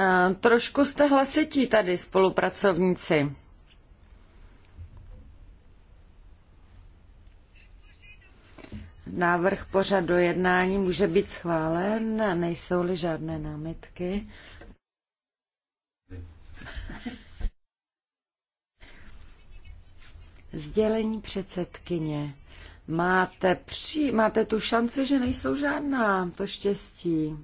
Eh, trošku jste hlasití tady, spolupracovníci. Návrh pořadu jednání může být schválen a nejsou-li žádné námitky. Sdělení předsedkyně. Máte, při, máte tu šanci, že nejsou žádná, to štěstí.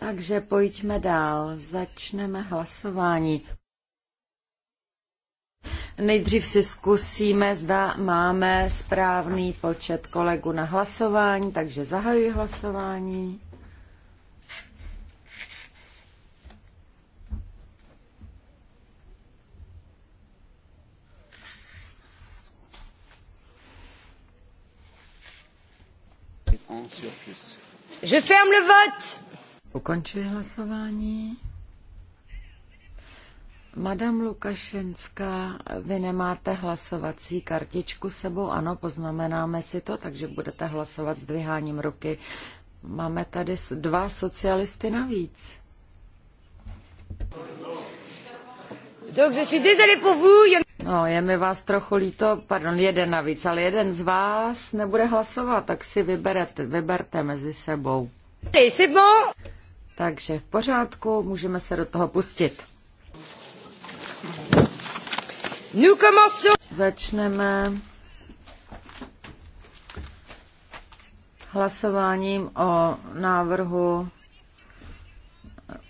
Takže pojďme dál. Začneme hlasování. Nejdřív si zkusíme, zda máme správný počet kolegů na hlasování, takže zahajuji hlasování. Je ferme le vote. Ukončuji hlasování. Madam Lukašenská, vy nemáte hlasovací kartičku sebou, ano, poznamenáme si to, takže budete hlasovat s dviháním ruky. Máme tady dva socialisty navíc. No, je mi vás trochu líto, pardon, jeden navíc, ale jeden z vás nebude hlasovat, tak si vyberete, vyberte mezi sebou. Takže v pořádku, můžeme se do toho pustit. Začneme hlasováním o návrhu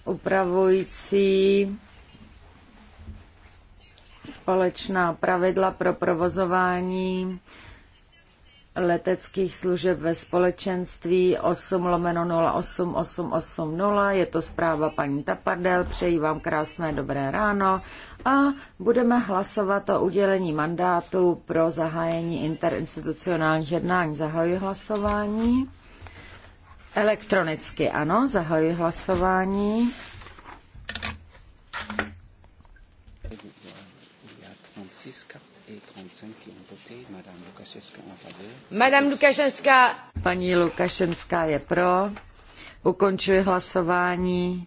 upravující společná pravidla pro provozování leteckých služeb ve společenství 8 lomeno 08880. Je to zpráva paní Tapardel. Přeji vám krásné dobré ráno a budeme hlasovat o udělení mandátu pro zahájení interinstitucionálních jednání. Zahajuji hlasování. Elektronicky ano, zahajuji hlasování. mám Madame Lukašenská. Paní Lukašenská je pro. Ukončuji hlasování.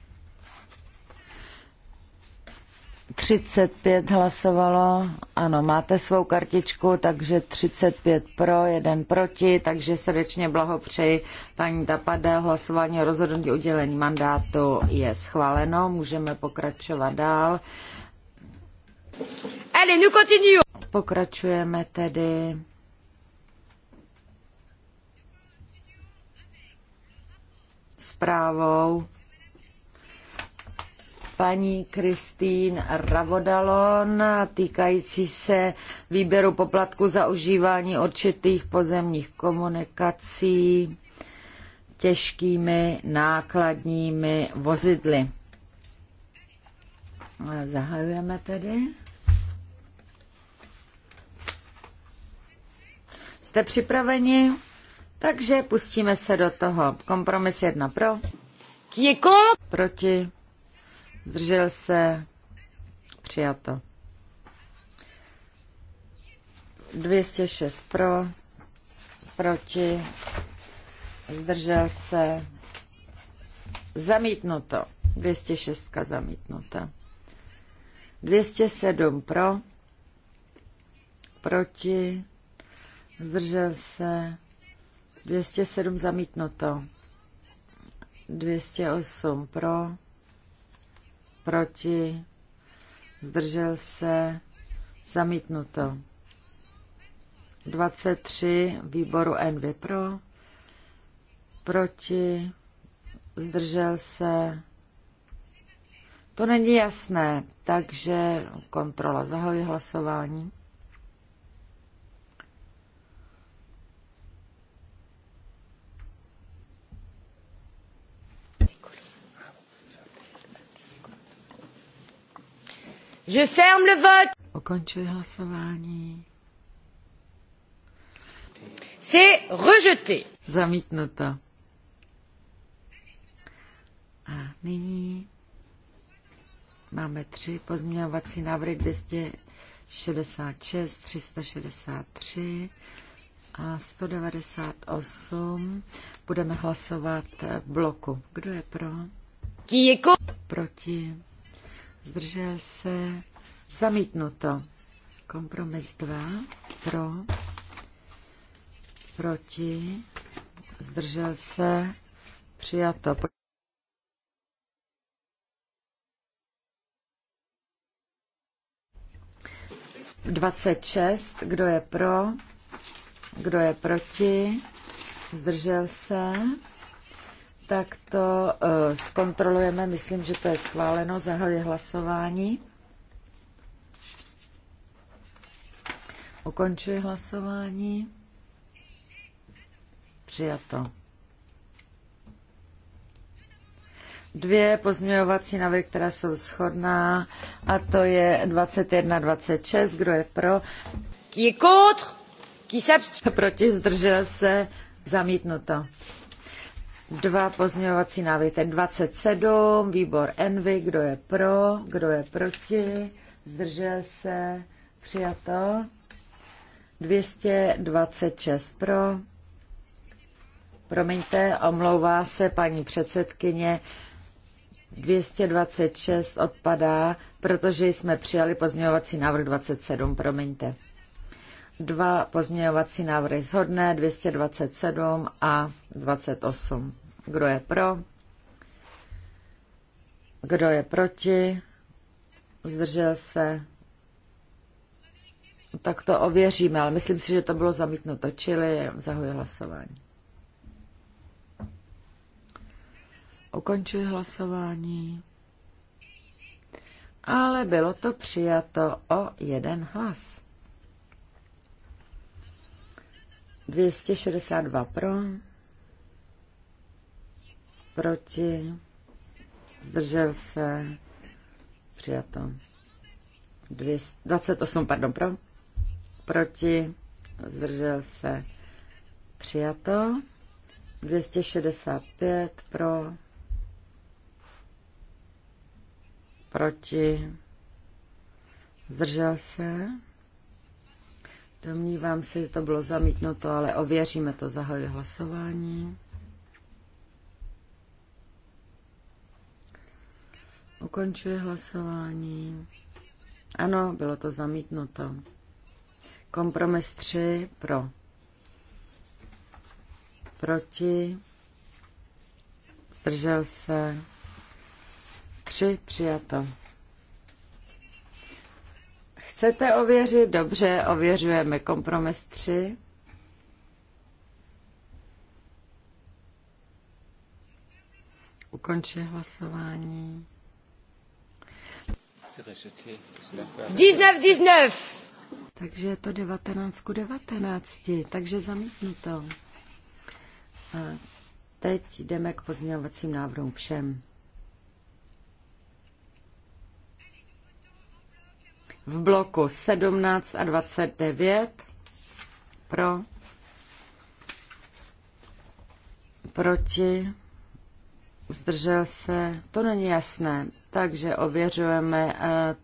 35 hlasovalo, ano, máte svou kartičku, takže 35 pro, jeden proti, takže srdečně blahopřeji paní Tapadel. Hlasování o rozhodnutí udělení mandátu je schváleno, můžeme pokračovat dál. Allez, nous continuons. Pokračujeme tedy zprávou paní Kristýn Ravodalon týkající se výběru poplatku za užívání určitých pozemních komunikací těžkými nákladními vozidly. Zahajujeme tedy. Jste připraveni? Takže pustíme se do toho. Kompromis jedna pro. Kiko. Proti. Zdržel se. Přijato. 206 pro. Proti. Zdržel se. Zamítnuto. 206 zamítnuta. 207 pro. Proti zdržel se, 207 zamítnuto, 208 pro, proti, zdržel se, zamítnuto. 23 výboru NV pro, proti, zdržel se. To není jasné, takže kontrola zahajuje hlasování. Je ferme le vote. Ukončuji hlasování. C'est rejeté. Zamítnuto. A nyní máme tři pozměňovací návrhy 266, 363 a 198. Budeme hlasovat v bloku. Kdo je pro? Kýko. Proti zdržel se, zamítnuto. Kompromis 2, pro, proti, zdržel se, přijato. Dvacet šest, kdo je pro, kdo je proti, zdržel se tak to uh, zkontrolujeme. Myslím, že to je schváleno. Zahajuji hlasování. Ukončuji hlasování. Přijato. Dvě pozměňovací návrhy, která jsou shodná, a to je 21-26. Kdo je pro? Qui est contre? Qui Proti zdržel se? Zamítnuto. Dva pozměňovací návrhy, ten 27, výbor Envy, kdo je pro, kdo je proti, zdržel se, přijato. 226 pro. Promiňte, omlouvá se paní předsedkyně. 226 odpadá, protože jsme přijali pozměňovací návrh 27, promiňte. Dva pozměňovací návrhy shodné, 227 a 28. Kdo je pro? Kdo je proti? Zdržel se? Tak to ověříme, ale myslím si, že to bylo zamítnuto, čili zahuji hlasování. Ukončuji hlasování. Ale bylo to přijato o jeden hlas. 262 pro, Proti? Zdržel se? Přijato. 28, pardon, pro? Proti? Zdržel se? Přijato. 265 pro? Proti? Zdržel se? Domnívám se, že to bylo zamítnuto, ale ověříme to. Zahajuji hlasování. Ukončuji hlasování. Ano, bylo to zamítnuto. Kompromis 3 pro. Proti. Zdržel se. 3 přijato. Chcete ověřit? Dobře, ověřujeme kompromis 3. Ukončuje hlasování. 19, 19. Takže je to 19 ku 19, takže zamítnuto. A teď jdeme k pozměňovacím návrhům všem. V bloku 17 a 29 pro, proti, zdržel se, to není jasné. Takže ověřujeme eh,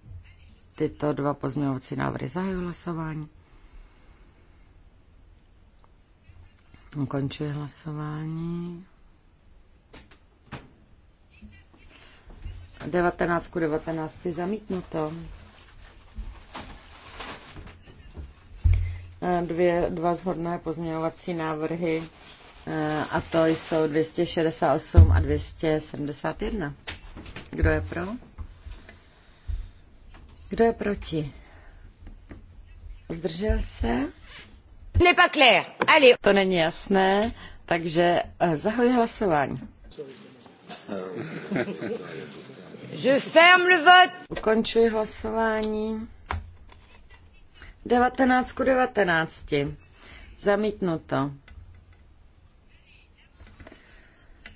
tyto dva pozměňovací návrhy. Zahajuji hlasování. Ukončuji hlasování. 19 ku 19 je zamítnuto. Eh, dvě, dva zhodné pozměňovací návrhy eh, a to jsou 268 a 271. Kdo je pro? Kdo je proti? Zdržel se? To není jasné, takže eh, zahoj hlasování. Je ferme le vote. Ukončuji hlasování. 19 ku 19. Zamítnuto.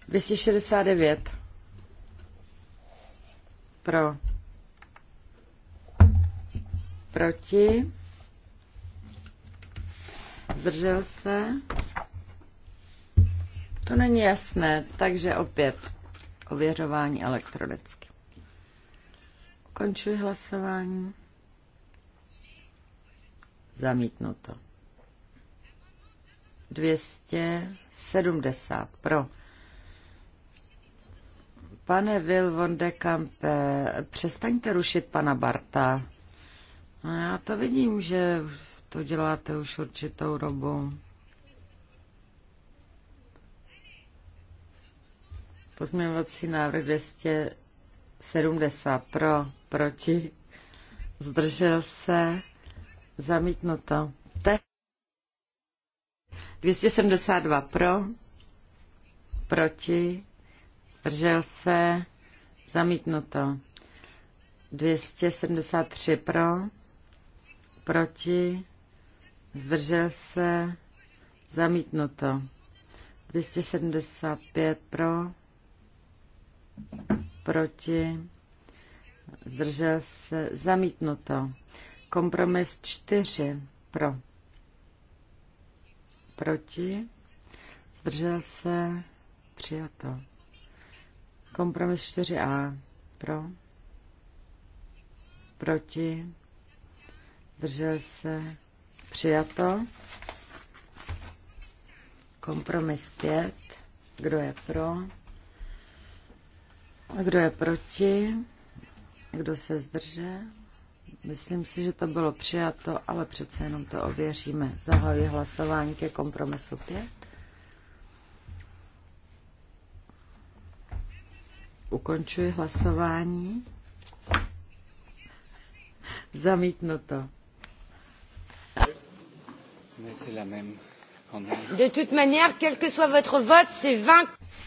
269. Pro. Proti. Zdržel se. To není jasné, takže opět ověřování elektronicky. Končuji hlasování. Zamítnuto. 270 pro. Pane Will von de Kampe, eh, přestaňte rušit pana Barta. No já to vidím, že to děláte už určitou dobu. Pozměňovací návrh 270 pro, proti, zdržel se, zamítnuto. Te 272 pro, proti, zdržel se, zamítnuto. 273 pro, proti, zdržel se, zamítnuto. 275 pro, proti, zdržel se, zamítnuto. Kompromis 4 pro, proti, zdržel se, přijato. Kompromis 4a. Pro. Proti. Držel se. Přijato. Kompromis 5. Kdo je pro? A kdo je proti? Kdo se zdrže? Myslím si, že to bylo přijato, ale přece jenom to ověříme. Zahajuji hlasování ke kompromisu 5. Ukončuji hlasování. Zamítno to. De toute manière, quel que soit votre vote, c'est 20.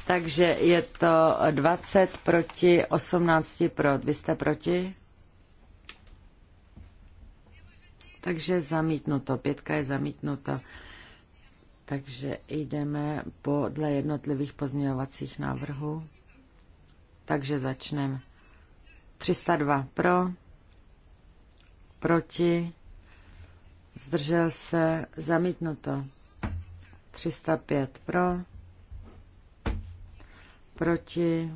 Takže je to 20 proti 18 pro. Vy jste proti? Takže zamítnuto. Pětka je zamítnuto. Takže jdeme podle jednotlivých pozměňovacích návrhů. Takže začneme. 302 pro, proti, zdržel se, zamítnuto. 305 pro, proti,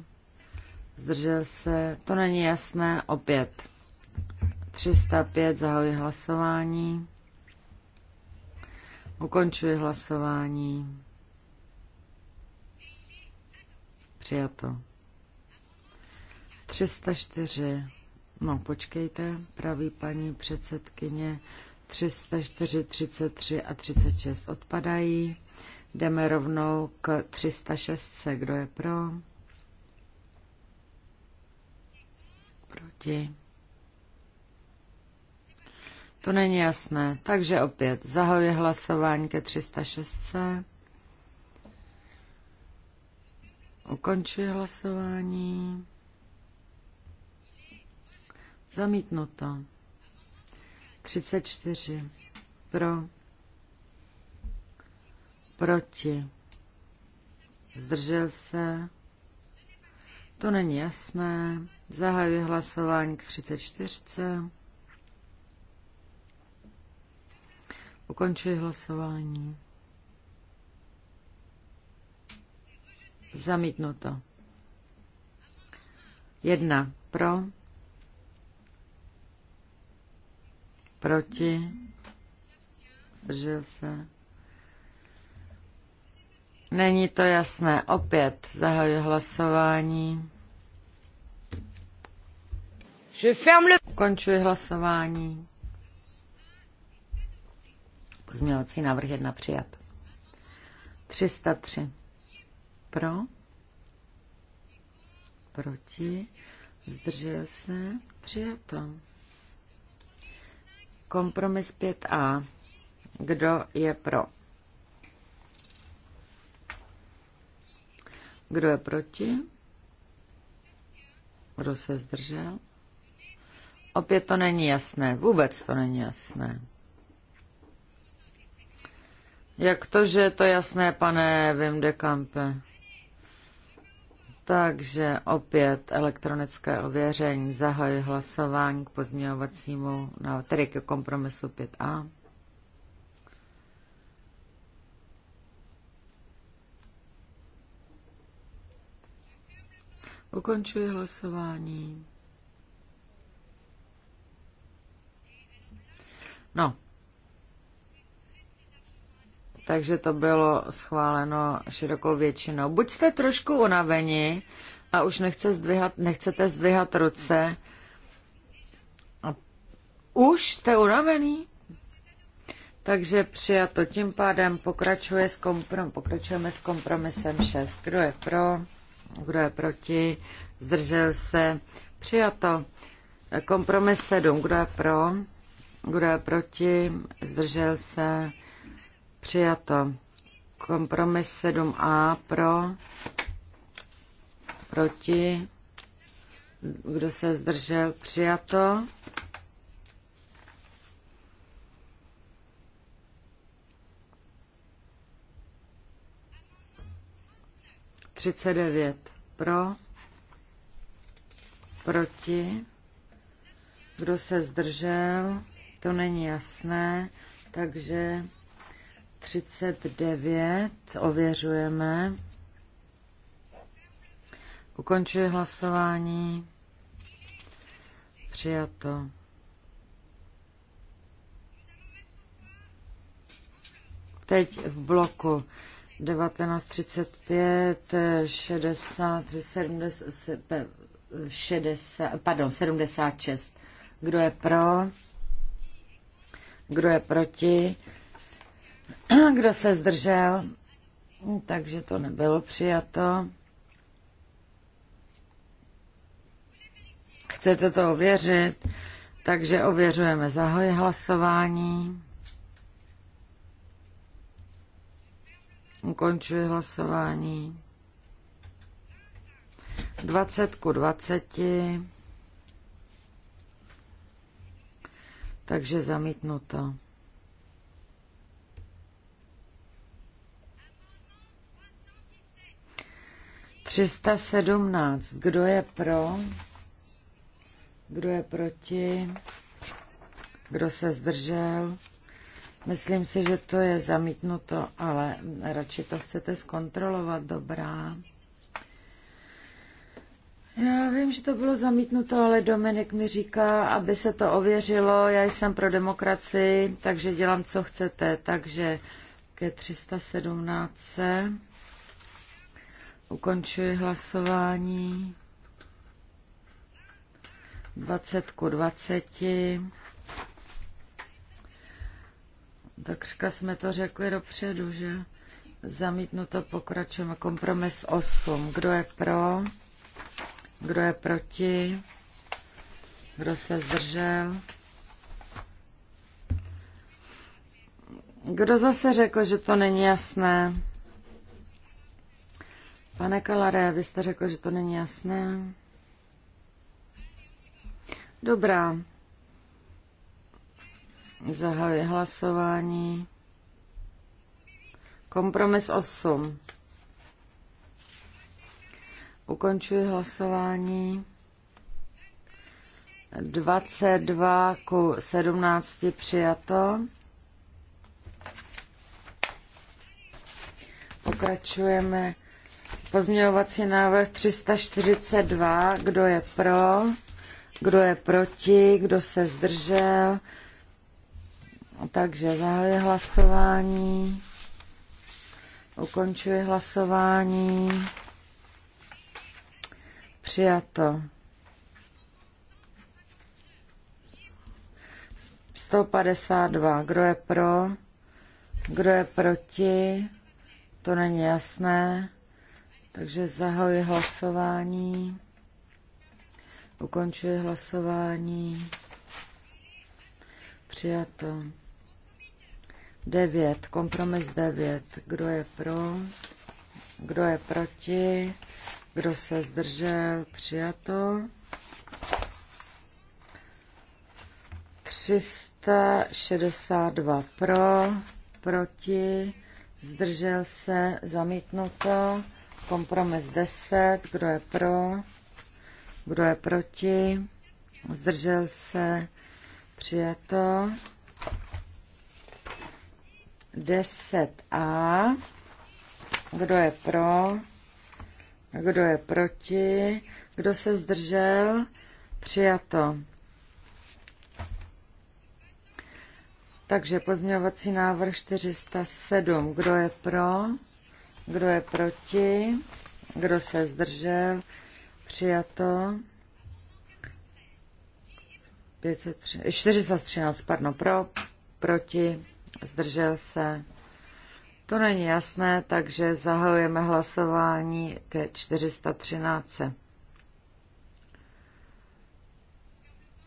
zdržel se, to není jasné, opět. 305 zahoji hlasování. Ukončuji hlasování. Přijato. 304. No, počkejte, praví paní předsedkyně. 304, 33 a 36 odpadají. Jdeme rovnou k 306. Kdo je pro? Proti. To není jasné. Takže opět zahajuji hlasování ke 306. Ukončuji hlasování. Zamítnuto. 34. Pro. Proti. Zdržel se. To není jasné. Zahajuji hlasování k 34. Ukončuji hlasování. Zamítnuto. Jedna pro. Proti? Zdržel se? Není to jasné. Opět zahaju hlasování. Je ferme le... Ukončuji hlasování. Pozměňovací návrh jedna přijat. 303. Pro? Proti? Zdržel se? Přijato. Kompromis 5a. Kdo je pro? Kdo je proti? Kdo se zdržel? Opět to není jasné. Vůbec to není jasné. Jak to, že je to jasné, pane Vimdekampe? Takže opět elektronické ověření. Zahajuji hlasování k pozměňovacímu, no, tedy ke kompromisu 5a. Ukončuji hlasování. No, takže to bylo schváleno širokou většinou. Buď jste trošku unaveni a už nechce zdvihat, nechcete zdvihat ruce. A už jste unavený? Takže přijato. Tím pádem pokračuje s komprom, pokračujeme s kompromisem 6. Kdo je pro? Kdo je proti? Zdržel se? Přijato. Kompromis 7. Kdo je pro? Kdo je proti? Zdržel se? Přijato. Kompromis 7a pro, proti, kdo se zdržel, přijato. Třicet devět pro, proti, kdo se zdržel, to není jasné, takže 39 ověřujeme. Ukončuji hlasování. Přijato. Teď v bloku 1935, 60, 70, 60, pardon, 76. Kdo je pro? Kdo je proti? Kdo se zdržel? Takže to nebylo přijato. Chcete to ověřit? Takže ověřujeme zahoj hlasování. Ukončuji hlasování. 20 ku 20. Takže zamítnuto. 317. Kdo je pro? Kdo je proti? Kdo se zdržel? Myslím si, že to je zamítnuto, ale radši to chcete zkontrolovat, dobrá. Já vím, že to bylo zamítnuto, ale Dominik mi říká, aby se to ověřilo. Já jsem pro demokracii, takže dělám, co chcete. Takže ke 317. Ukončuji hlasování. 20 ku 20. Takřka jsme to řekli dopředu, že? Zamítnuto pokračujeme. Kompromis 8. Kdo je pro? Kdo je proti? Kdo se zdržel? Kdo zase řekl, že to není jasné? Pane Kalare, vy jste řekl, že to není jasné. Dobrá. Zahajuji hlasování. Kompromis 8. Ukončuji hlasování. 22 k 17 přijato. Pokračujeme Pozměňovací návrh 342. Kdo je pro? Kdo je proti? Kdo se zdržel? Takže zahajuji hlasování. Ukončuji hlasování. Přijato. 152. Kdo je pro? Kdo je proti? To není jasné. Takže zahajuji hlasování. Ukončuji hlasování. Přijato. 9. Kompromis 9. Kdo je pro? Kdo je proti? Kdo se zdržel? Přijato. 362 pro, proti, zdržel se, zamítnuto. Kompromis 10. Kdo je pro? Kdo je proti? Zdržel se? Přijato. 10a. Kdo je pro? Kdo je proti? Kdo se zdržel? Přijato. Takže pozměňovací návrh 407. Kdo je pro? Kdo je proti? Kdo se zdržel? Přijato. 413, pardon, pro, proti, zdržel se. To není jasné, takže zahajujeme hlasování ke 413.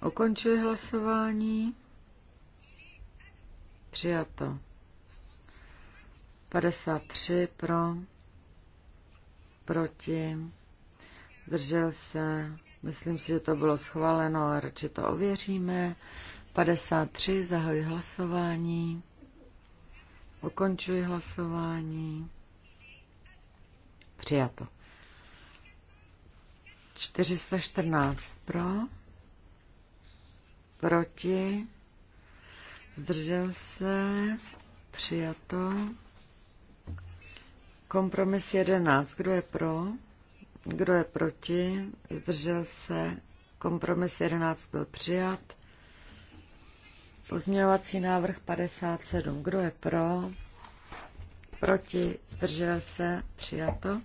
Ukončuji hlasování. Přijato. 53 pro, proti, držel se, myslím si, že to bylo schváleno, a radši to ověříme. 53, zahoj hlasování, ukončuji hlasování, přijato. 414 pro, proti, zdržel se, přijato. Kompromis 11. Kdo je pro? Kdo je proti? Zdržel se? Kompromis 11 byl přijat. Pozměňovací návrh 57. Kdo je pro? Proti? Zdržel se? Přijato.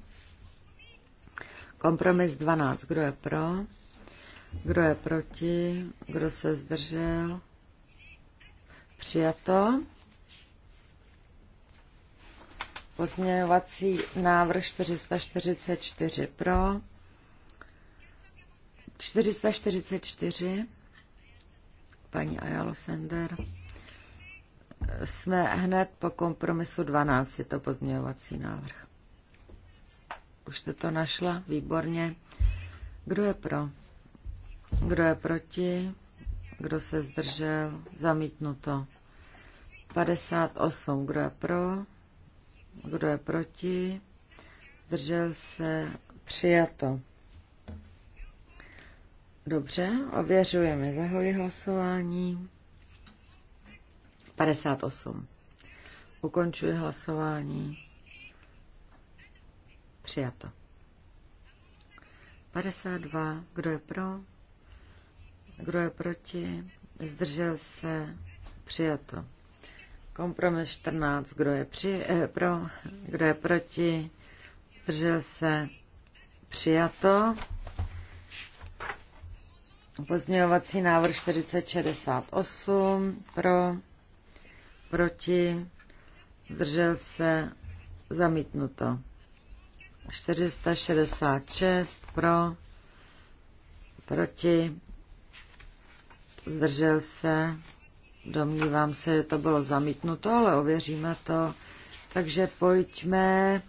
Kompromis 12. Kdo je pro? Kdo je proti? Kdo se zdržel? Přijato. Pozměňovací návrh 444 pro. 444 paní Ayalo Sender. Jsme hned po kompromisu 12, je to pozměňovací návrh. Už jste to našla? Výborně. Kdo je pro? Kdo je proti? Kdo se zdržel? Zamítnuto. 58. Kdo je pro? Kdo je proti? Držel se přijato. Dobře, ověřujeme. Zahoji hlasování. 58. Ukončuji hlasování. Přijato. 52. Kdo je pro? Kdo je proti? Zdržel se? Přijato. Kompromis 14, kdo je při, eh, pro, kdo je proti, držel se přijato. Pozměňovací návrh 4068 pro, proti, držel se zamítnuto. 466 pro, proti, zdržel se Domnívám se, že to bylo zamítnuto, ale ověříme to. Takže pojďme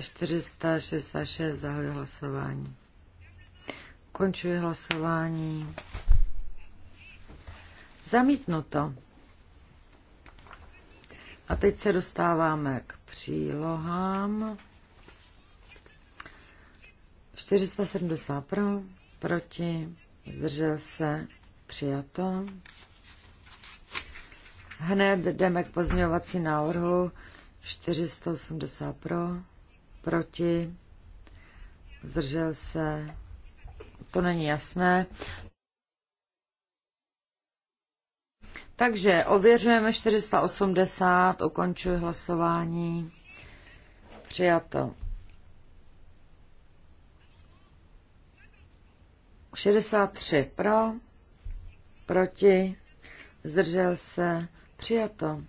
466, eh, zahoji hlasování. Končuji hlasování. Zamítnuto. A teď se dostáváme k přílohám. 470 pro, proti, zdržel se, přijato. Hned jdeme k pozměňovací návrhu 480 pro, proti, zdržel se, to není jasné. Takže ověřujeme 480, ukončuji hlasování. Přijato. 63 pro, proti, zdržel se, Přijato.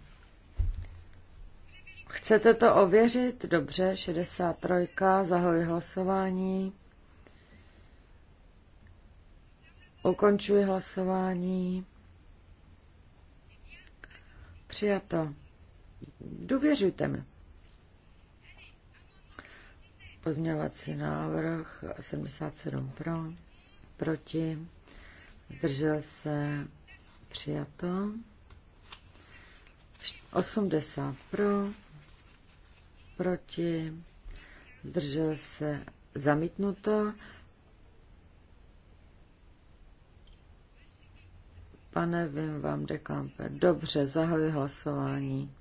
Chcete to ověřit? Dobře, 63. Zahoji hlasování. Ukončuji hlasování. Přijato. Důvěřujte mi. Pozměňovací návrh 77 pro, proti, zdržel se, přijato. 80 pro, proti, zdržel se zamítnuto. Pane Vim vám dekamper. Dobře, zahoj hlasování.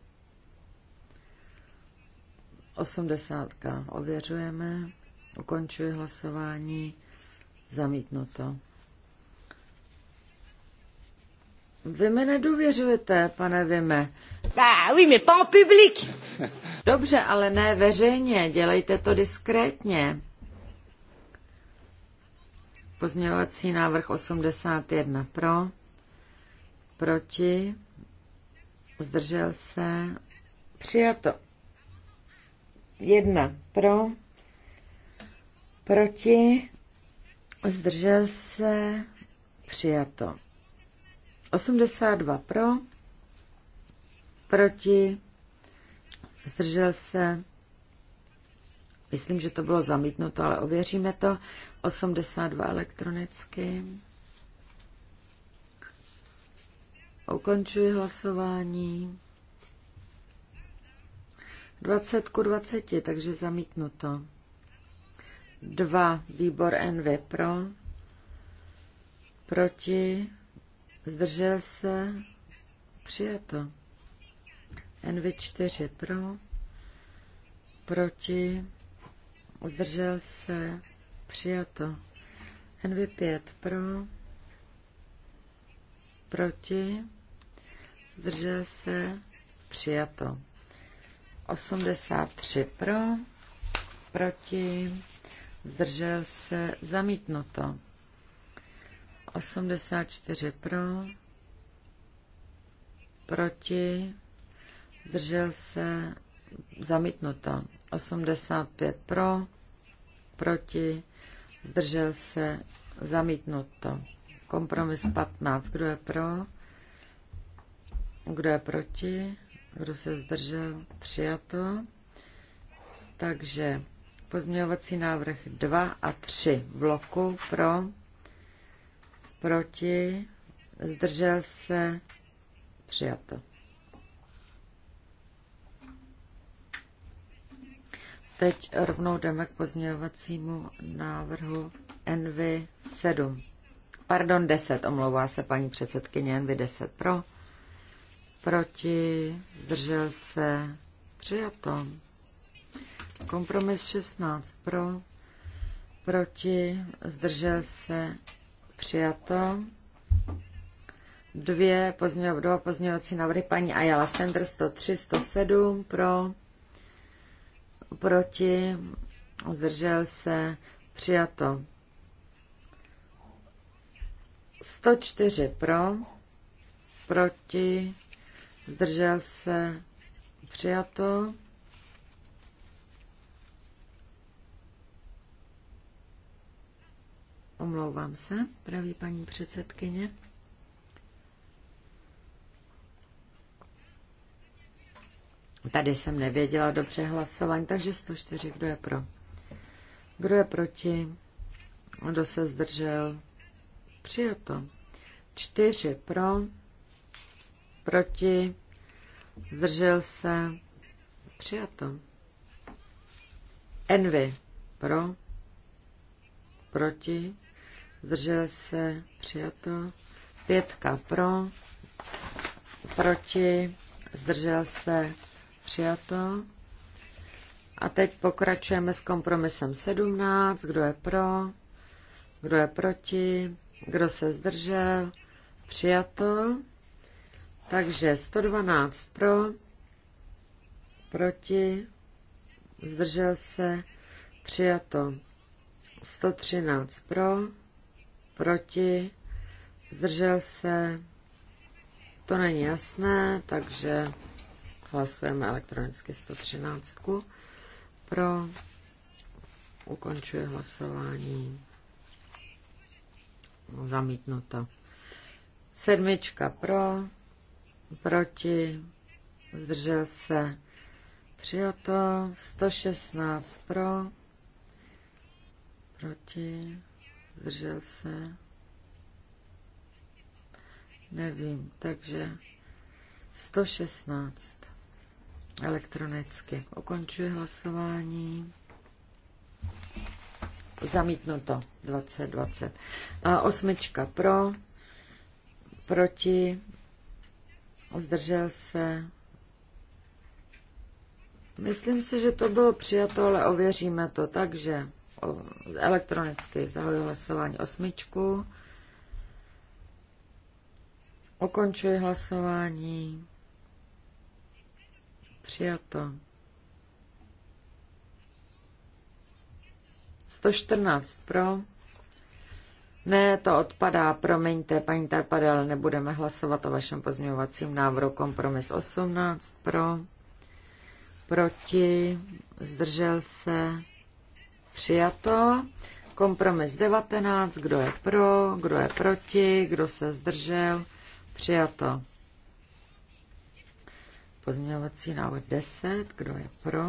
80. Ověřujeme. Ukončuji hlasování. Zamítnuto. Vy mi nedůvěřujete, pane Vime. Já oui, mais pas en public. Dobře, ale ne veřejně, dělejte to diskrétně. Pozměňovací návrh 81 pro, proti, zdržel se, přijato. Jedna pro, proti, zdržel se, přijato. 82 pro, proti, zdržel se, myslím, že to bylo zamítnuto, ale ověříme to, 82 elektronicky. Ukončuji hlasování. 20 ku 20, takže zamítnuto. 2. Výbor NV pro. Proti. Zdržel se? Přijato. NV4 pro. Proti. Zdržel se? Přijato. NV5 pro. Proti. Zdržel se? Přijato. 83 pro. Proti. Zdržel se? Zamítnuto. 84 pro, proti, zdržel se, zamítnuto. 85 pro, proti, zdržel se, zamítnuto. Kompromis 15, kdo je pro, kdo je proti, kdo se zdržel, přijato. Takže pozměňovací návrh 2 a 3 bloku pro, proti, zdržel se, přijato. Teď rovnou jdeme k pozměňovacímu návrhu NV 7. Pardon, 10, omlouvá se paní předsedkyně NV 10 pro. Proti, zdržel se, přijato. Kompromis 16 pro, proti, zdržel se, Přijato. Dvě pozměňov, dva pozměňovací návrhy paní Ayala Sender 103, 107 pro, proti, zdržel se, přijato. 104 pro, proti, zdržel se, přijato. Omlouvám se, praví paní předsedkyně. Tady jsem nevěděla dobře hlasování, takže 104, kdo je pro? Kdo je proti? Kdo se zdržel? Přijato. 4 pro, proti, zdržel se, přijato. Envy pro, proti, zdržel se, přijato. Pětka pro, proti, zdržel se, přijato. A teď pokračujeme s kompromisem 17. Kdo je pro? Kdo je proti? Kdo se zdržel? Přijato. Takže 112 pro, proti, zdržel se, přijato. 113 pro, proti, zdržel se, to není jasné, takže hlasujeme elektronicky 113 pro, ukončuje hlasování, zamítnuto. Sedmička pro, proti, zdržel se, přijato, 116 pro, proti, Zdržel se? Nevím, takže 116 elektronicky. Ukončuji hlasování. Zamítnuto 2020. A osmička pro, proti, zdržel se. Myslím si, že to bylo přijato, ale ověříme to, takže elektronicky zahajuji hlasování osmičku. Ukončuji hlasování. Přijato. 114 pro. Ne, to odpadá, promiňte, paní Tarpadel, nebudeme hlasovat o vašem pozměňovacím návrhu. Kompromis 18 pro, proti, zdržel se, Přijato. Kompromis 19. Kdo je pro? Kdo je proti? Kdo se zdržel? Přijato. Pozměňovací návod 10. Kdo je pro?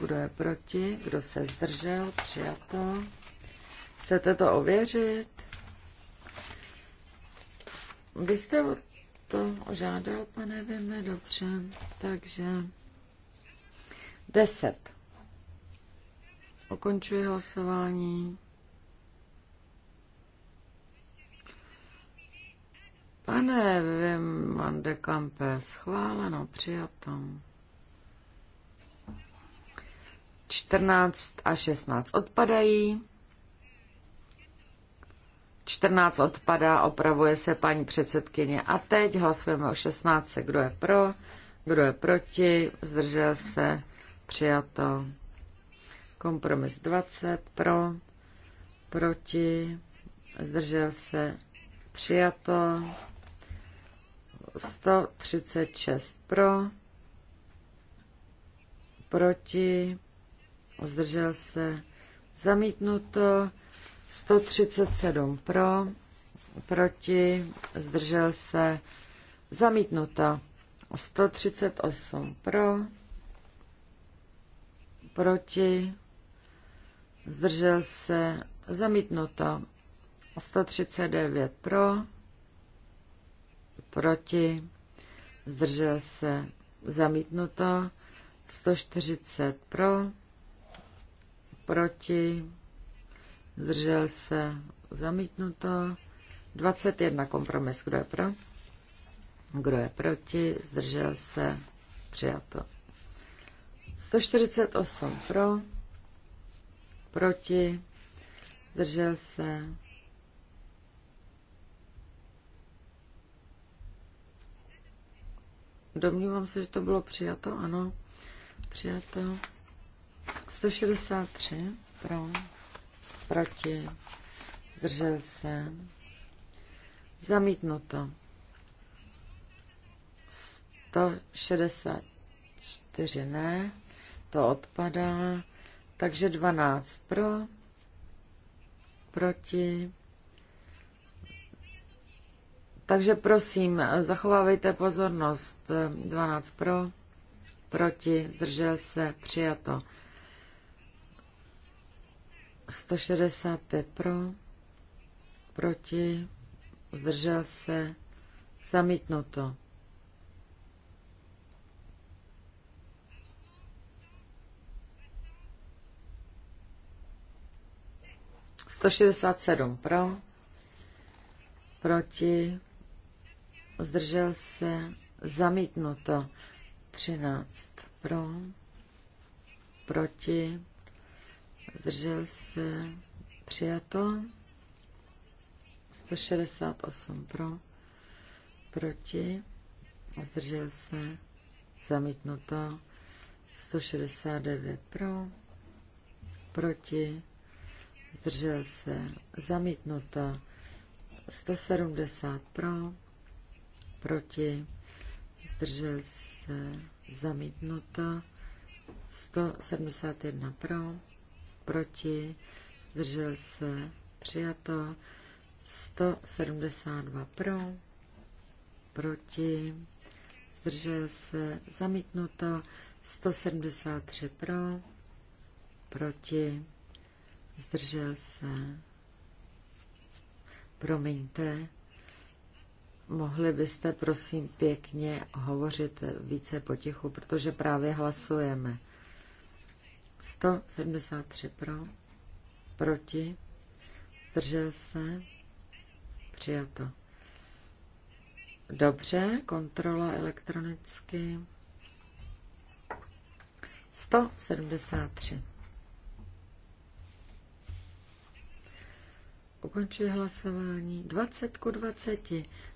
Kdo je proti? Kdo se zdržel? Přijato. Chcete to ověřit? Vy jste o to žádal, pane Vime, dobře. Takže 10. Ukončuji hlasování. Pane Wim van de Kampe, schváleno, přijato. 14 a 16 odpadají. 14 odpadá, opravuje se paní předsedkyně. A teď hlasujeme o 16. Kdo je pro, kdo je proti, zdržel se, přijato. Kompromis 20 pro, proti, zdržel se, přijato. 136 pro, proti, zdržel se, zamítnuto. 137 pro, proti, zdržel se, zamítnuto. 138 pro, proti, zdržel se, zamítnuto. 139 pro, proti, zdržel se, zamítnuto. 140 pro, proti, zdržel se, zamítnuto. 21 kompromis, kdo je pro? Kdo je proti? Zdržel se? Přijato. 148 pro, proti, držel se. Domnívám se, že to bylo přijato, ano, přijato. 163 pro, proti, držel se. Zamítnuto. 164 ne, to odpadá. Takže 12 pro, proti. Takže prosím, zachovávejte pozornost. 12 pro, proti, zdržel se, přijato. 165 pro, proti, zdržel se, zamítnuto. 167 pro, proti, zdržel se, zamítnuto, 13 pro, proti, zdržel se, přijato, 168 pro, proti, zdržel se, zamítnuto, 169 pro, proti, zdržel se, zamítnuto, 170 pro, proti, zdržel se, zamítnuto, 171 pro, proti, zdržel se, přijato, 172 pro, proti, zdržel se, zamítnuto, 173 pro, proti, zdržel se. Promiňte, mohli byste prosím pěkně hovořit více potichu, protože právě hlasujeme. 173 pro, proti, zdržel se, přijato. Dobře, kontrola elektronicky. 173. Ukončuje hlasování. 20 ku 20.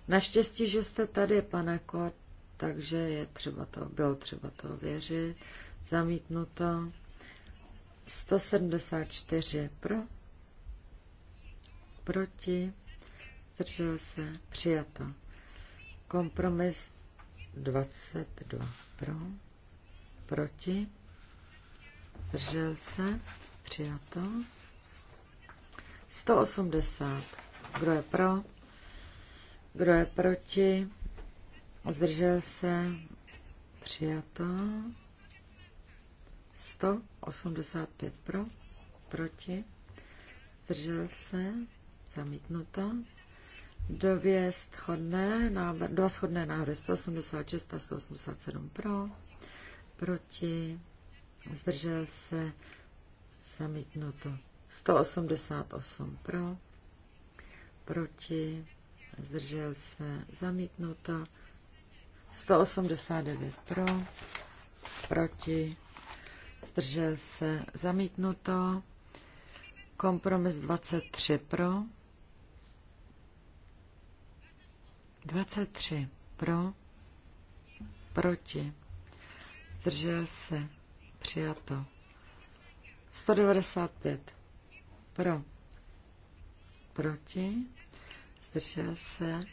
Naštěstí, že jste tady, pane Kot, takže je třeba to, bylo třeba to věřit. Zamítnuto. 174 pro. Proti. Držel se. Přijato. Kompromis 22 pro. Proti. Držel se. Přijato. 180. Kdo je pro? Kdo je proti? Zdržel se? Přijato. 185 pro? Proti? Zdržel se? Zamítnuto. Dvě schodné návrhy, dva schodné návrhy, 186 a 187 pro, proti, zdržel se, zamítnuto. 188 pro, proti, zdržel se, zamítnuto, 189 pro, proti, zdržel se, zamítnuto, kompromis 23 pro, 23 pro, proti, zdržel se, přijato, 195 pro. Proti. Zdržel se.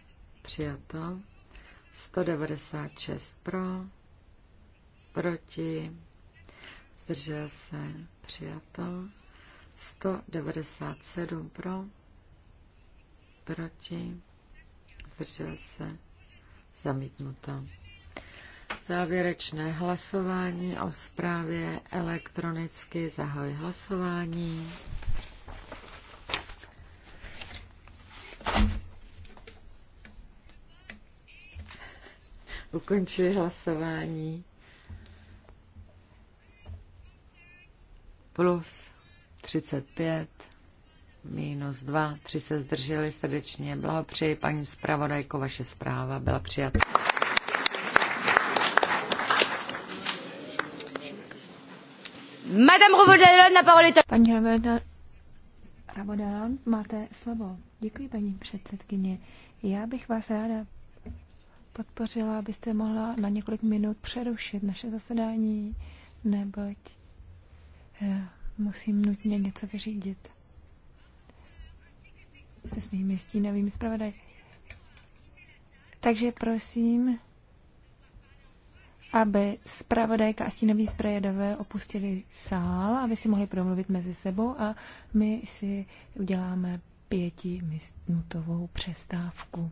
Přijato. 196 pro. Proti. Zdržel se. Přijato. 197 pro. Proti. Zdržel se. Zamítnuto. Závěrečné hlasování o zprávě elektronicky zahoj hlasování. Ukončuji hlasování. Plus 35, minus 2, 3 se zdrželi srdečně. Blahopřeji paní zpravodajko, vaše zpráva byla přijata. Madame Revaudalon, na parole est Paní Revaudalon, máte slovo. Děkuji, paní předsedkyně. Já bych vás ráda podpořila, abyste mohla na několik minut přerušit naše zasedání, neboť eh, musím nutně něco vyřídit se svými stínovými zpravodaj. Takže prosím, aby zpravodajka a stínový zpravodajové opustili sál, aby si mohli promluvit mezi sebou a my si uděláme pětiminutovou přestávku.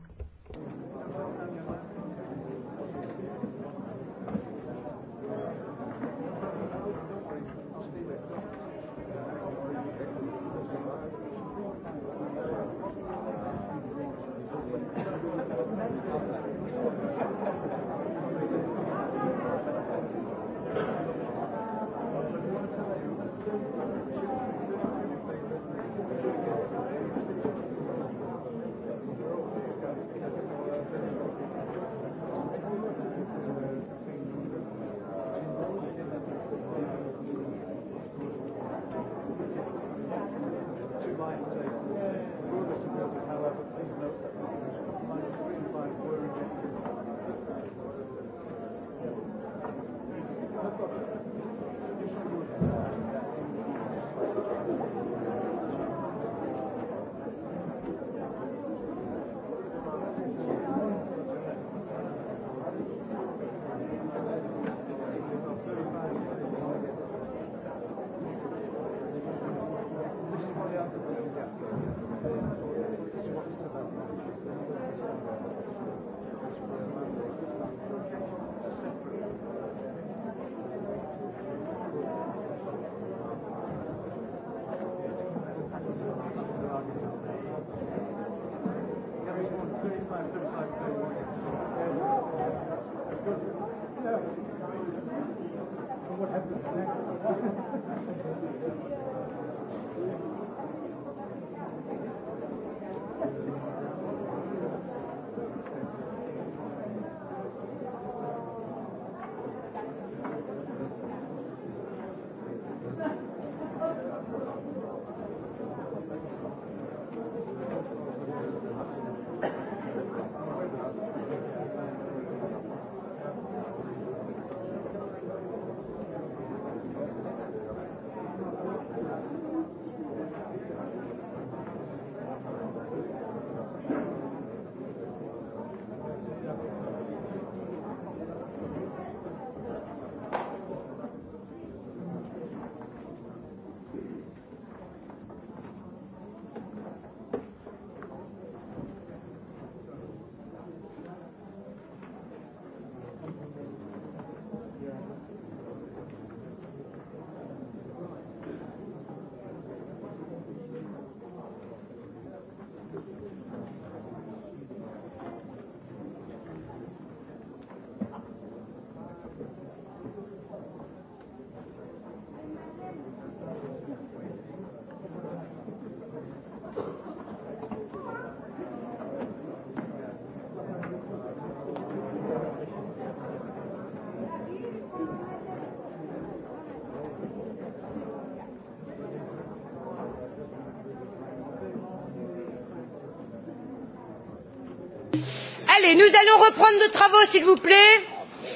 Allez, nous allons reprendre nos travaux, s'il vous plaît.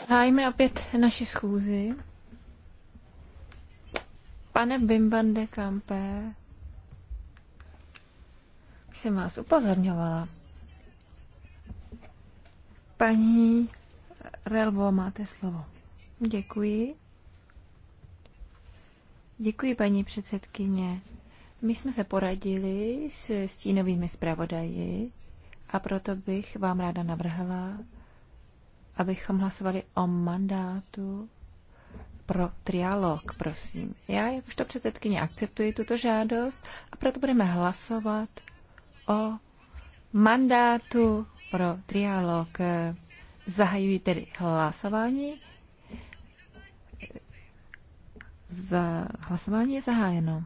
Hájme opět naši schůzi. Pane Bimbande Kampe, už jsem vás upozorňovala. Paní Relvo, máte slovo. Děkuji. Děkuji, paní předsedkyně. My jsme se poradili s stínovými zpravodaji a proto bych vám ráda navrhla, abychom hlasovali o mandátu pro trialog, prosím. Já jakožto předsedkyně akceptuji tuto žádost a proto budeme hlasovat o mandátu pro trialog. Zahajuji tedy hlasování. Za hlasování je zahájeno.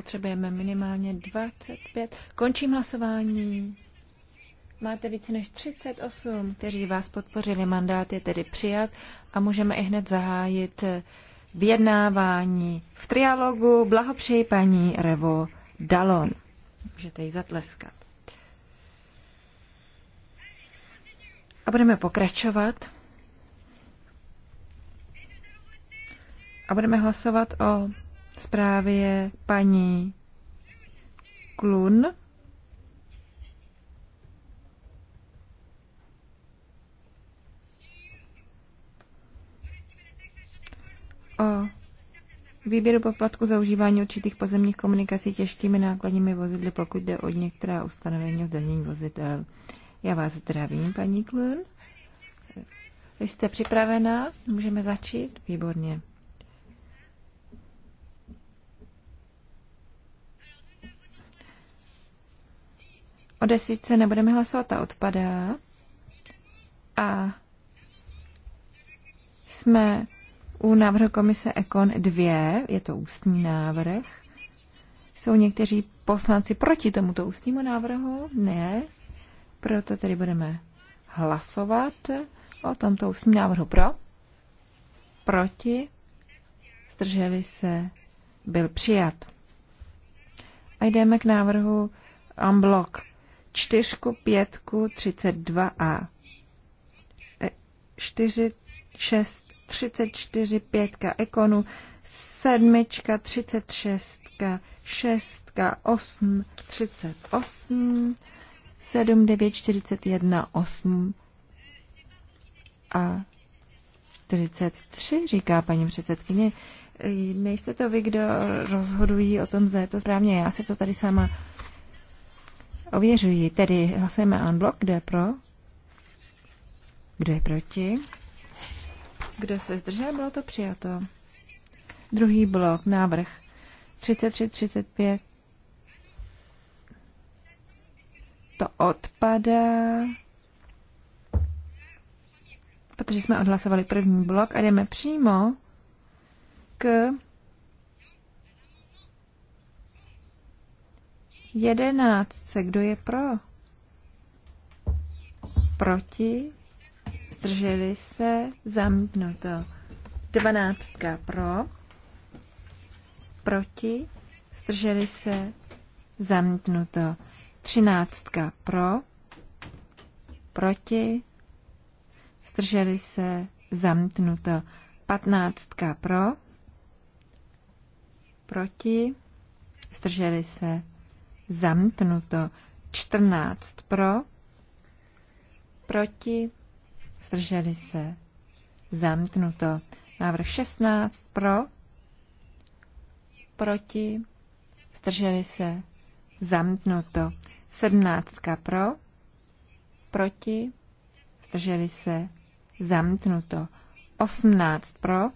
potřebujeme minimálně 25. Končím hlasování. Máte více než 38, kteří vás podpořili. Mandát je tedy přijat a můžeme i hned zahájit vyjednávání v trialogu. Blahopřeji paní Revo Dalon. Můžete jí zatleskat. A budeme pokračovat. A budeme hlasovat o zprávě paní Klun. o výběru poplatku za užívání určitých pozemních komunikací těžkými nákladními vozidly, pokud jde o některá ustanovení o zdanění vozidel. Já vás zdravím, paní Klun. Jste připravená? Můžeme začít? Výborně. O desítce nebudeme hlasovat, ta odpadá. A jsme u návrhu komise Ekon 2, je to ústní návrh. Jsou někteří poslanci proti tomuto ústnímu návrhu? Ne. Proto tedy budeme hlasovat o tomto ústním návrhu pro, proti, zdrželi se, byl přijat. A jdeme k návrhu unblock čtyřku, pětku, třicet dva a e, čtyři, šest, třicet čtyři, pětka ekonu, sedmička, třicet šestka, šestka, osm, třicet osm, sedm, devět, čtyřicet jedna, osm a tři, říká paní předsedkyně. E, nejste to vy, kdo rozhodují o tom, zda je to správně. Já si to tady sama Ověřuji, tedy hlasujeme unblock, kdo je pro, kdo je proti, kdo se zdržel, bylo to přijato. Druhý blok, návrh 33, 35. To odpadá, protože jsme odhlasovali první blok a jdeme přímo k jedenáctce. Kdo je pro? Proti? Zdrželi se? Zamítnuto. Dvanáctka pro? Proti? Zdrželi se? Zamítnuto. Třináctka pro? Proti? Zdrželi se? Zamítnuto. Patnáctka pro? Proti? Zdrželi se? zamítnuto. 14 pro, proti, zdrželi se, zamítnuto. Návrh 16 pro, proti, zdrželi se, zamítnuto. 17 pro, proti, zdrželi se, zamítnuto. 18 pro,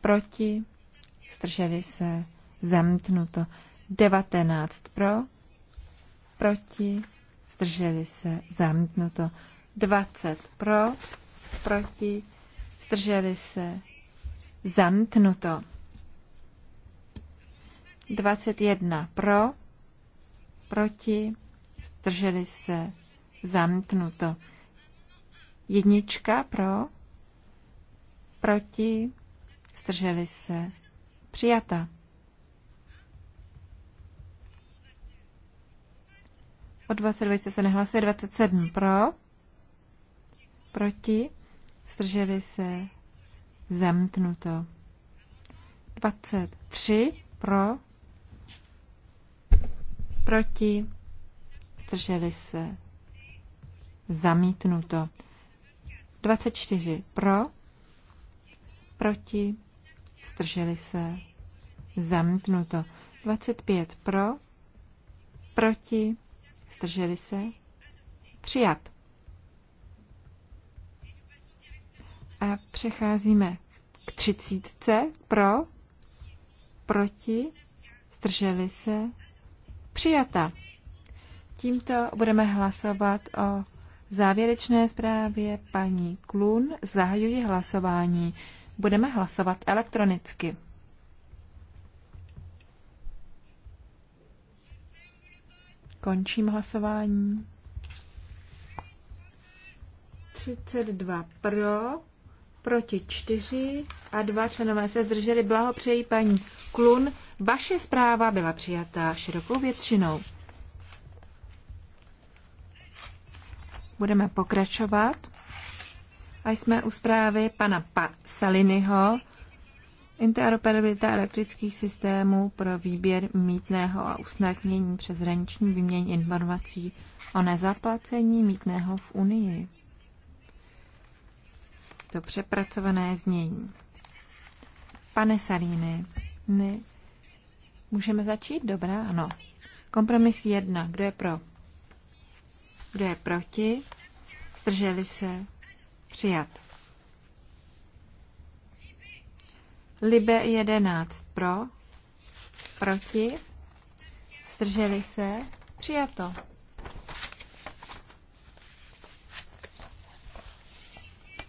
proti, zdrželi se, zamítnuto. 19 pro, proti, zdrželi se, zamítnuto. 20 pro, proti, zdrželi se, zamítnuto. 21 pro, proti, zdrželi se, zamítnuto. Jednička pro, proti, zdrželi se, přijata. O 22 se nehlasuje, 27 pro, proti, zdrželi se, zamknuto. 23 pro, proti, zdrželi se, zamítnuto. 24 pro, proti, zdrželi se, zamítnuto. 25 pro, proti, Zdrželi se? Přijat. A přecházíme k třicítce. Pro? Proti? Zdrželi se? Přijata. Tímto budeme hlasovat o závěrečné zprávě paní Klun. Zahajuji hlasování. Budeme hlasovat elektronicky. Končím hlasování. 32 pro, proti 4 a dva členové se zdrželi. Blahopřeji paní Klun. Vaše zpráva byla přijatá širokou většinou. Budeme pokračovat. A jsme u zprávy pana pa Saliniho interoperabilita elektrických systémů pro výběr mítného a usnadnění přeshraniční výměny informací o nezaplacení mítného v Unii. To přepracované znění. Pane Salíny, my můžeme začít? Dobrá, ano. Kompromis jedna. Kdo je pro? Kdo je proti? Zdrželi se? Přijat. Libe 11 pro, proti, zdrželi se, přijato.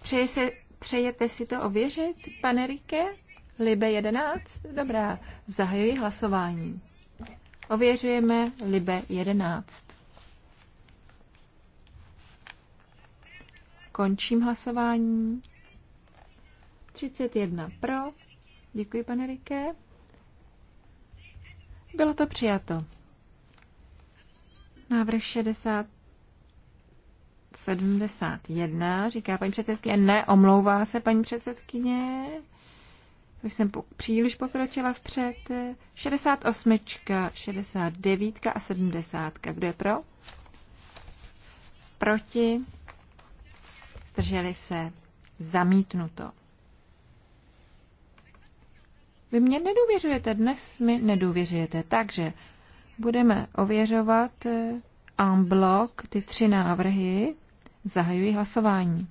Přeji se, přejete si to ověřit, pane Rike? Libe 11? Dobrá, zahajuji hlasování. Ověřujeme Libe 11. Končím hlasování. 31 pro, Děkuji, pane Rike. Bylo to přijato. Návrh 60. 71, říká paní předsedkyně. Ne, omlouvá se paní předsedkyně. Už jsem po, příliš pokročila vpřed. 68, 69 a 70. Kdo je pro? Proti? Zdrželi se. Zamítnuto. Vy mě nedůvěřujete, dnes mi nedůvěřujete. Takže budeme ověřovat eh, en bloc ty tři návrhy. Zahajuji hlasování.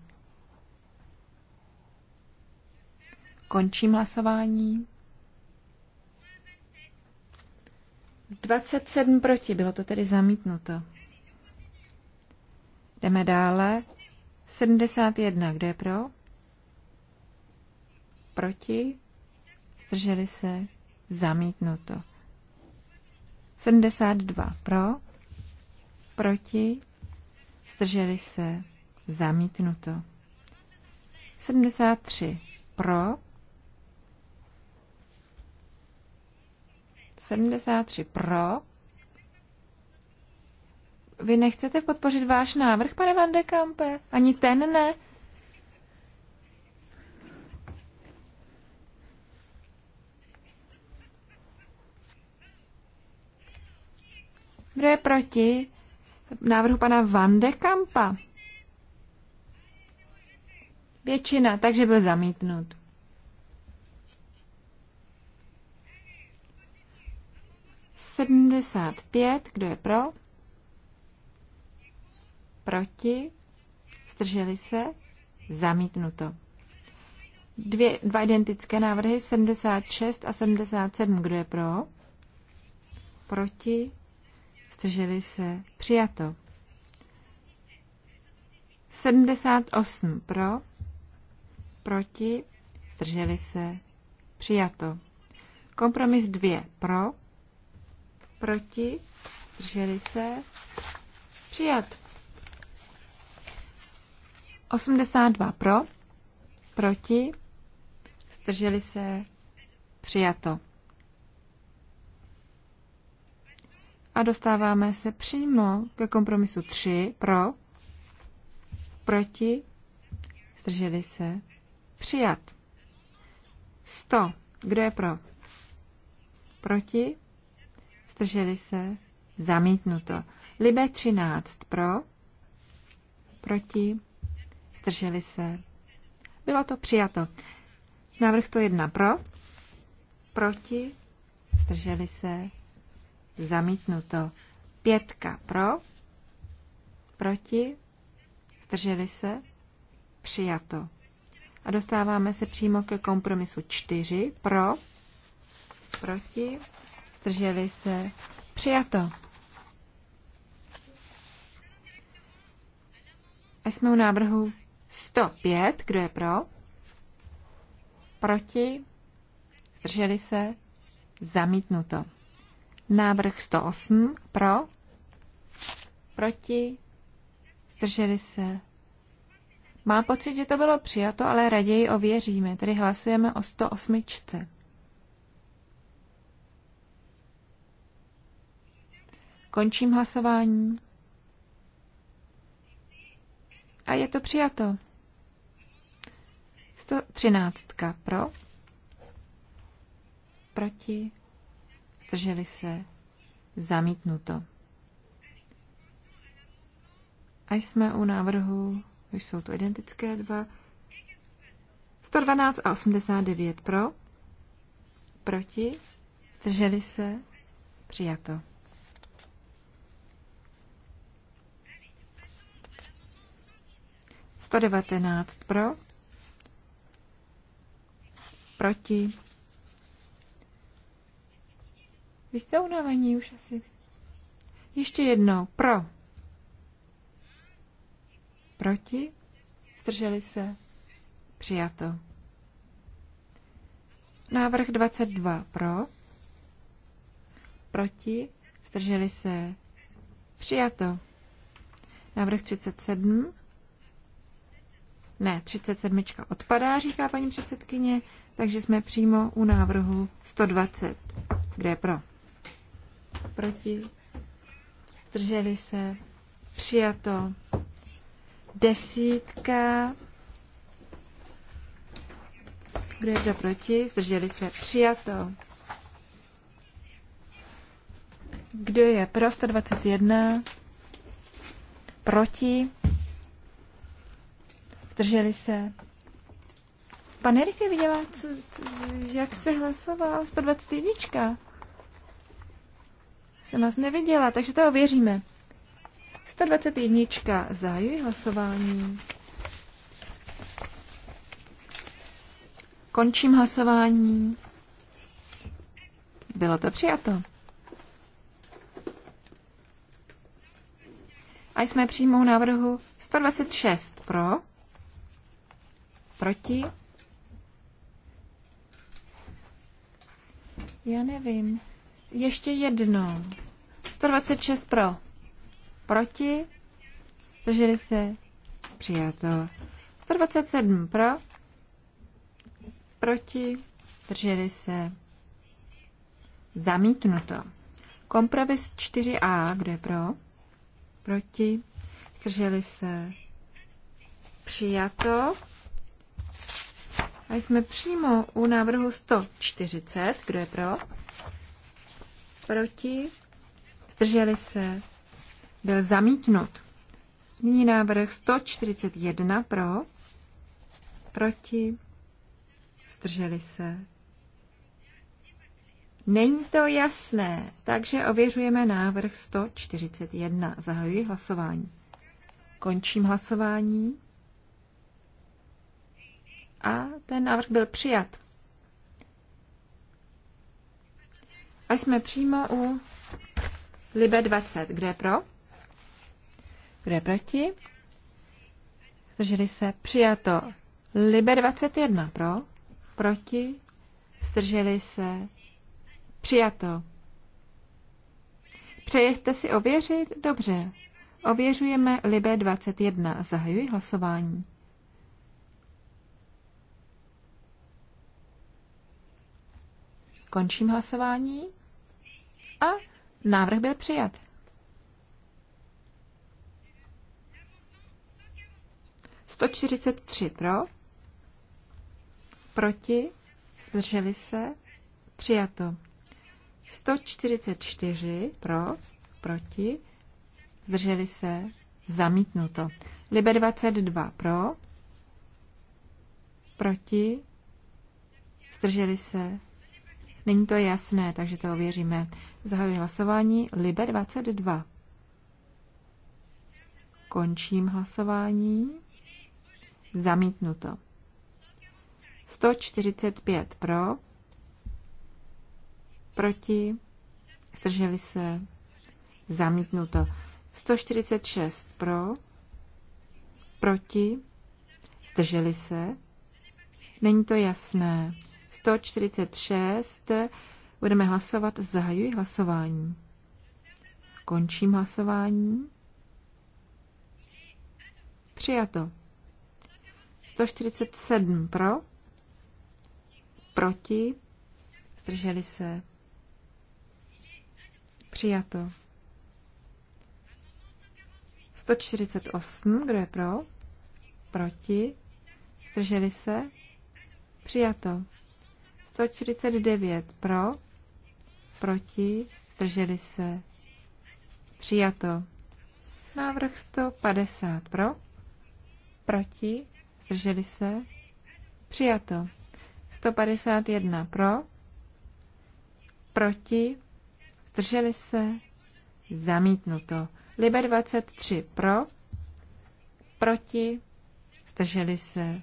Končím hlasování. 27 proti, bylo to tedy zamítnuto. Jdeme dále. 71, kde je pro? Proti? zdrželi se, zamítnuto. 72 pro, proti, zdrželi se, zamítnuto. 73 pro, 73 pro. Vy nechcete podpořit váš návrh, pane Van de Kampe? Ani ten ne? Kdo je proti návrhu pana Van de Kampa? Většina, takže byl zamítnut. Sedmdesát pět, kdo je pro? Proti? Zdrželi se? Zamítnuto. Dvě, dva identické návrhy, 76 a 77. Kdo je pro? Proti? zdrželi se, přijato. 78 pro, proti, zdrželi se, přijato. Kompromis 2 pro, proti, zdrželi se, přijat. 82 pro, proti, zdrželi se, přijato. A dostáváme se přímo ke kompromisu 3 pro, proti, zdrželi se, přijat. 100. Kdo je pro? Proti, zdrželi se, zamítnuto. Libe 13 pro, proti, zdrželi se. Bylo to přijato. Návrh 101 pro, proti, zdrželi se, zamítnuto. Pětka pro, proti, zdrželi se, přijato. A dostáváme se přímo ke kompromisu 4 pro, proti, zdrželi se, přijato. A jsme u návrhu 105, kdo je pro, proti, zdrželi se, zamítnuto. Návrh 108 pro, proti, zdrželi se. Má pocit, že to bylo přijato, ale raději ověříme, tedy hlasujeme o 108. Končím hlasování. A je to přijato. 113 pro, proti, zdrželi se, zamítnuto. A jsme u návrhu, už jsou to identické dva, 112 a 89 pro, proti, zdrželi se, přijato. Sto devatenáct pro, proti, vy jste unavení už asi. Ještě jednou. Pro. Proti. Zdrželi se. Přijato. Návrh 22. Pro. Proti. Zdrželi se. Přijato. Návrh 37. Ne, 37 odpadá, říká paní předsedkyně, takže jsme přímo u návrhu 120. Kde je pro? proti, drželi se, přijato. Desítka, kdo je proti, zdrželi se, přijato. Kdo je pro 121? Proti? Zdrželi se? Pan Erik je viděla, co, jak se hlasoval 121 jsem vás neviděla, takže to ověříme. 121. její hlasování. Končím hlasování. Bylo to přijato. A jsme přímou návrhu 126 pro, proti. Já nevím. Ještě jednou. 126 pro. Proti. Zdrželi se. Přijato. 127 pro. Proti. Zdrželi se. Zamítnuto. Kompromis 4a. kde je pro? Proti. Zdrželi se. Přijato. A jsme přímo u návrhu 140. Kdo je pro? Proti? Zdrželi se? Byl zamítnut. Nyní návrh 141 pro. Proti? Zdrželi se? Není to jasné, takže ověřujeme návrh 141. Zahajuji hlasování. Končím hlasování. A ten návrh byl přijat. A jsme přímo u Libe 20. Kdo je pro? Kdo je proti? Zdrželi se. Přijato. Libe 21. Pro? Proti? Zdrželi se. Přijato. Přejete si ověřit? Dobře. Ověřujeme Libe 21. Zahajuji hlasování. Končím hlasování a návrh byl přijat. Sto čtyřicet tři pro, proti, zdrželi se, přijato. 144 pro, proti, zdrželi se, zamítnuto. Libe 22 pro, proti, zdrželi se. Není to jasné, takže to ověříme. Zahajuji hlasování Libe 22. Končím hlasování. Zamítnuto. 145 pro. Proti. Zdrželi se. Zamítnuto. 146 pro. Proti. Zdrželi se. Není to jasné. 146 Budeme hlasovat. Zahajuji hlasování. Končím hlasování. Přijato. 147 pro, proti, zdrželi se. Přijato. 148, kdo je pro? Proti. Zdrželi se? Přijato. 149 pro proti, zdrželi se, přijato. Návrh 150 pro, proti, zdrželi se, přijato. 151 pro, proti, zdrželi se, zamítnuto. Libe 23 pro, proti, zdrželi se,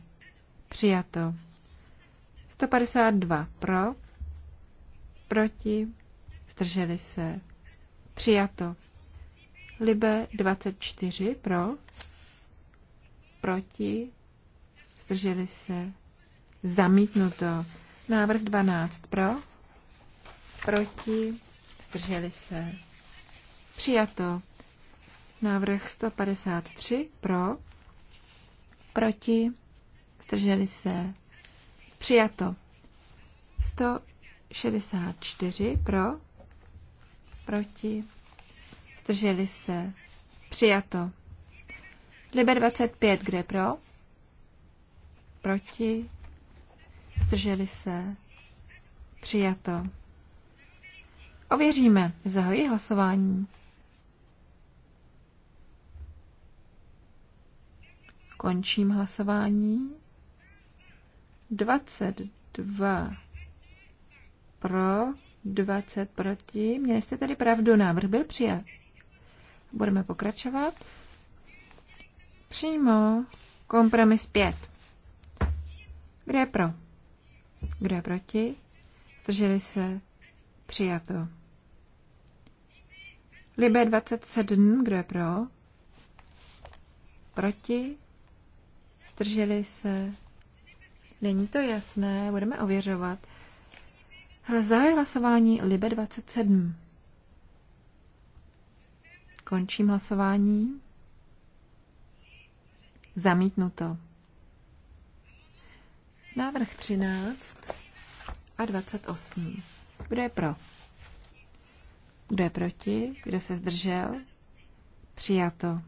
přijato. 152 pro, proti, zdrželi se, přijato. Libe 24 pro, proti, zdrželi se, zamítnuto. Návrh 12 pro, proti, zdrželi se, přijato. Návrh 153 pro, proti, zdrželi se, přijato. 164 pro, proti, zdrželi se, přijato. Liber 25, kde pro, proti, zdrželi se, přijato. Ověříme, zahoji hlasování. Končím hlasování. 22 pro, 20 proti. Měli jste tady pravdu, návrh byl přijat. Budeme pokračovat. Přímo kompromis 5. Kdo je pro? Kdo je proti? Zdrželi se? Přijato. Libe 27, kdo je pro? Proti? Zdrželi se? Není to jasné, budeme ověřovat. Zahajuji hlasování Libe 27. Končím hlasování. Zamítnuto. Návrh 13 a 28. Kdo je pro? Kdo je proti? Kdo se zdržel? Přijato.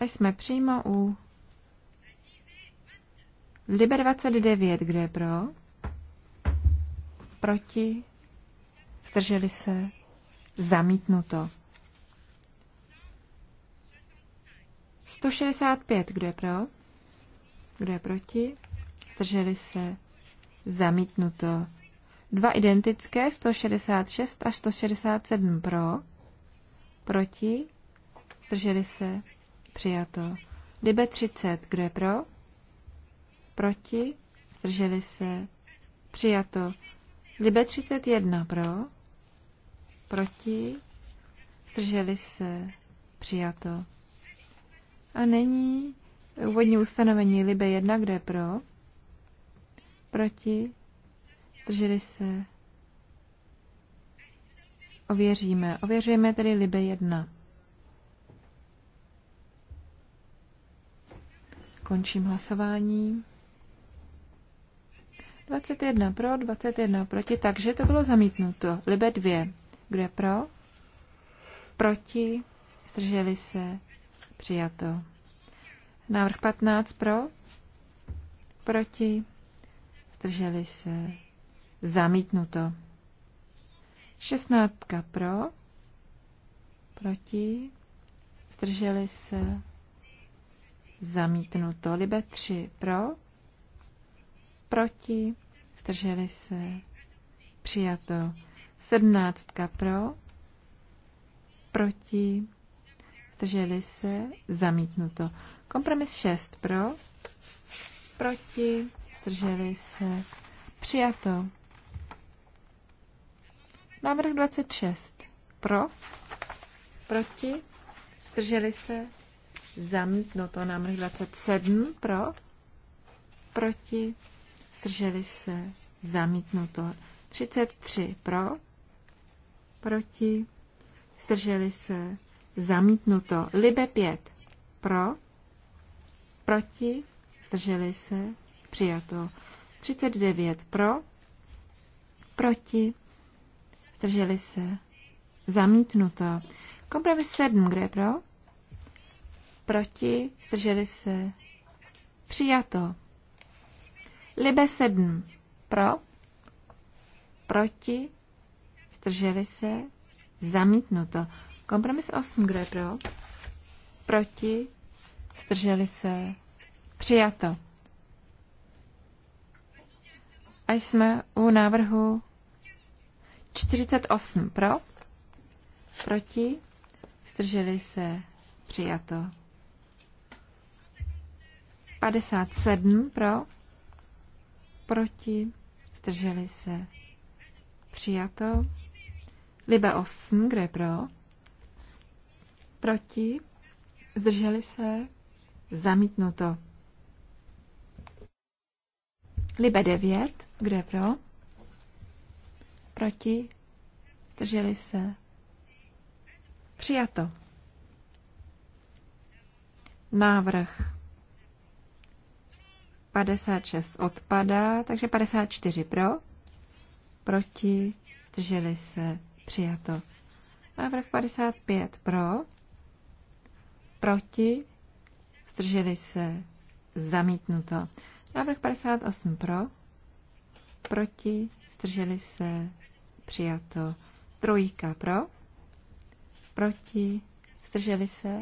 A jsme přímo u Liber 29. Kdo je pro? Proti? Zdrželi se? Zamítnuto. 165. Kdo je pro? Kdo je proti? Zdrželi se? Zamítnuto. Dva identické, 166 a 167 pro. Proti? Zdrželi se? Přijato. Libe 30. Kdo je pro? Proti? Zdrželi se? Přijato. Libe 31 pro, proti, zdrželi se, přijato. A není úvodní ustanovení Libe 1, kde je pro, proti, zdrželi se, ověříme. Ověřujeme tedy Libe 1. Končím hlasování. 21 pro, 21 proti, takže to bylo zamítnuto. Libe 2. Kdo je pro? Proti? Zdrželi se? Přijato. Návrh 15 pro? Proti? Zdrželi se? Zamítnuto. 16 pro? Proti? Zdrželi se? Zamítnuto. Libe 3 pro? proti, zdrželi se, přijato. Sedmnáctka pro, proti, zdrželi se, zamítnuto. Kompromis 6 pro, proti, zdrželi se, přijato. Návrh 26 pro, proti, zdrželi se, zamítnuto. Návrh 27 pro, proti, zdrželi se, zamítnuto. 33 pro, proti, zdrželi se, zamítnuto. Libe 5 pro, proti, zdrželi se, přijato. 39 pro, proti, zdrželi se, zamítnuto. Kompromis 7, kdo je pro? Proti, zdrželi se, přijato. Libe sedm. pro, proti, zdrželi se, zamítnuto. Kompromis osm. kdo je pro, proti, zdrželi se, přijato. A jsme u návrhu 48 pro, proti, zdrželi se, přijato. 57 pro, proti, zdrželi se, přijato. Libe 8, kde je pro, proti, zdrželi se, zamítnuto. Libe 9, kde je pro, proti, zdrželi se, přijato. Návrh 56 odpadá, takže 54 pro, proti, zdrželi se, přijato. Návrh 55 pro, proti, zdrželi se, zamítnuto. Návrh 58 pro, proti, zdrželi se, přijato. Trojka pro, proti, zdrželi se,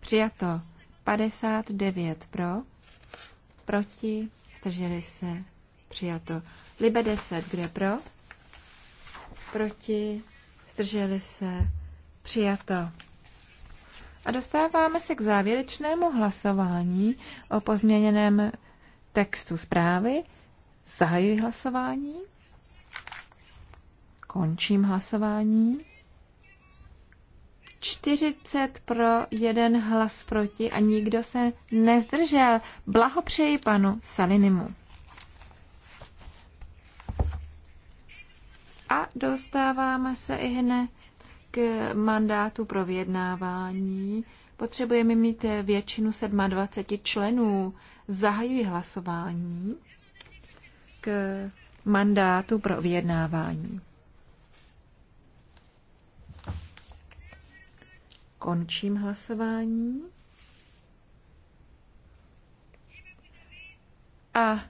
přijato. 59 pro, proti, zdrželi se, přijato. Libe 10, kdo je pro, proti, zdrželi se, přijato. A dostáváme se k závěrečnému hlasování o pozměněném textu zprávy. Zahajuji hlasování. Končím hlasování. 40 pro, jeden hlas proti a nikdo se nezdržel. Blahopřeji panu Salinimu. A dostáváme se i hned k mandátu pro vyjednávání. Potřebujeme mít většinu 27 členů. Zahajuji hlasování k mandátu pro vyjednávání. Končím hlasování. A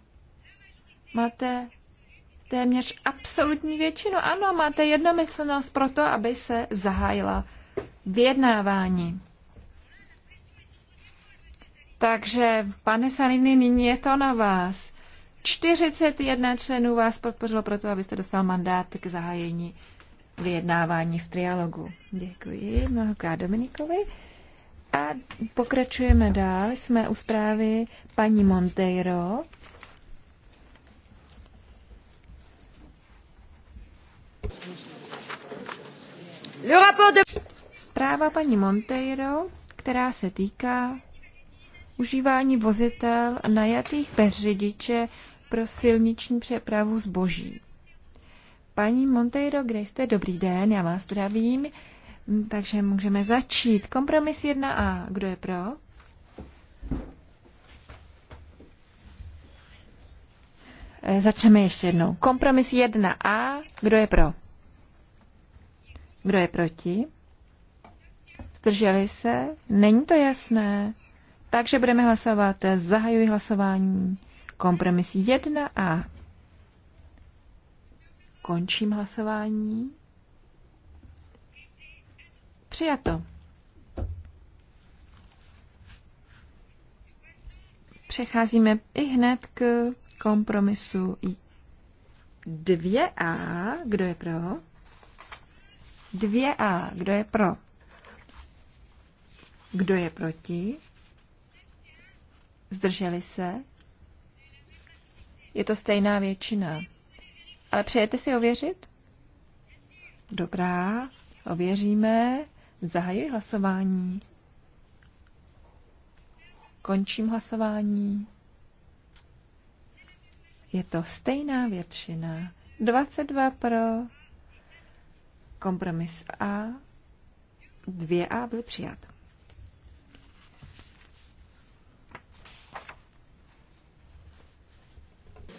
máte téměř absolutní většinu. Ano, máte jednomyslnost pro to, aby se zahájila vyjednávání. Takže, pane Saliny, nyní je to na vás. 41 členů vás podpořilo proto, abyste dostal mandát k zahájení vyjednávání v trialogu. Děkuji mnohokrát Dominikovi. A pokračujeme dál. Jsme u zprávy paní Monteiro. Zpráva paní Monteiro, která se týká užívání vozitel najatých bez řidiče pro silniční přepravu zboží. Paní Monteiro, kde jste? Dobrý den, já vás zdravím. Takže můžeme začít. Kompromis 1a. Kdo je pro? Eh, začneme ještě jednou. Kompromis 1a. Kdo je pro? Kdo je proti? Zdrželi se? Není to jasné. Takže budeme hlasovat. Eh, zahajuji hlasování. Kompromis 1a. Končím hlasování. Přijato. Přecházíme i hned k kompromisu 2A. Kdo je pro? 2A. Kdo je pro? Kdo je proti? Zdrželi se? Je to stejná většina. Ale přejete si ověřit? Dobrá, ověříme. Zahajuji hlasování. Končím hlasování. Je to stejná většina. 22 pro kompromis A. 2A byl přijat.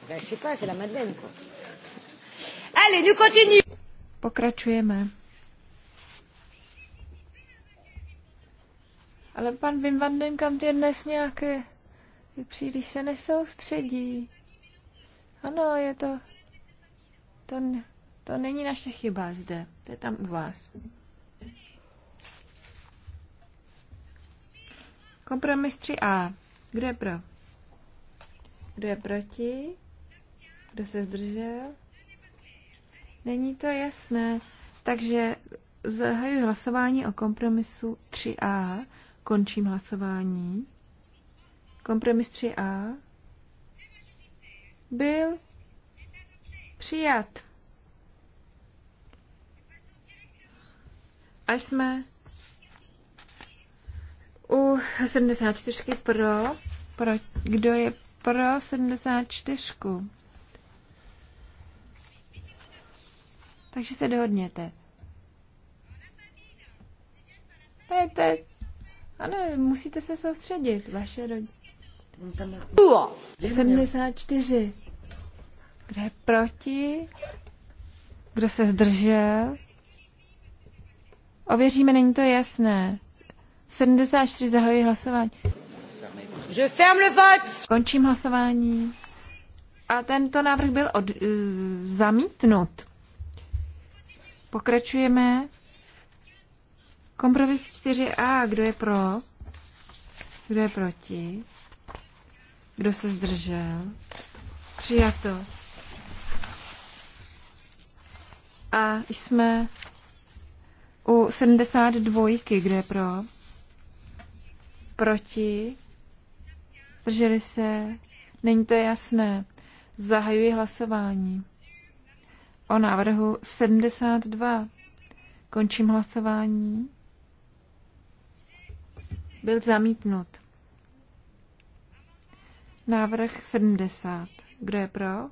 Je sais pas, c'est la Madeleine, quoi. Allez, nous continuons. Pokračujeme. Ale pan Wim van den Kamp je dnes nějaké, eh, příliš se nesoustředí. Ano, je to... To, to není naše chyba zde. To je tam u vás. Kompromis 3a. Kdo je pro? Kdo je proti? Kdo se zdržel? Není to jasné. Takže zahajuji hlasování o kompromisu 3A. Končím hlasování. Kompromis 3A byl přijat. A jsme u 74 pro, pro kdo je pro 74? Takže se dohodněte. Pete, ano, musíte se soustředit, vaše rodina. 74. Kdo je proti? Kdo se zdržel? Ověříme, není to jasné. 74 zahojí hlasování. Je ferme le vote. Končím hlasování. A tento návrh byl od, uh, zamítnut. Pokračujeme. Kompromis 4a. Kdo je pro? Kdo je proti? Kdo se zdržel? Přijato. A jsme u 72, kde je pro? Proti? Zdrželi se? Není to jasné. Zahajuji hlasování o návrhu 72. Končím hlasování. Byl zamítnut. Návrh 70. Kdo je pro?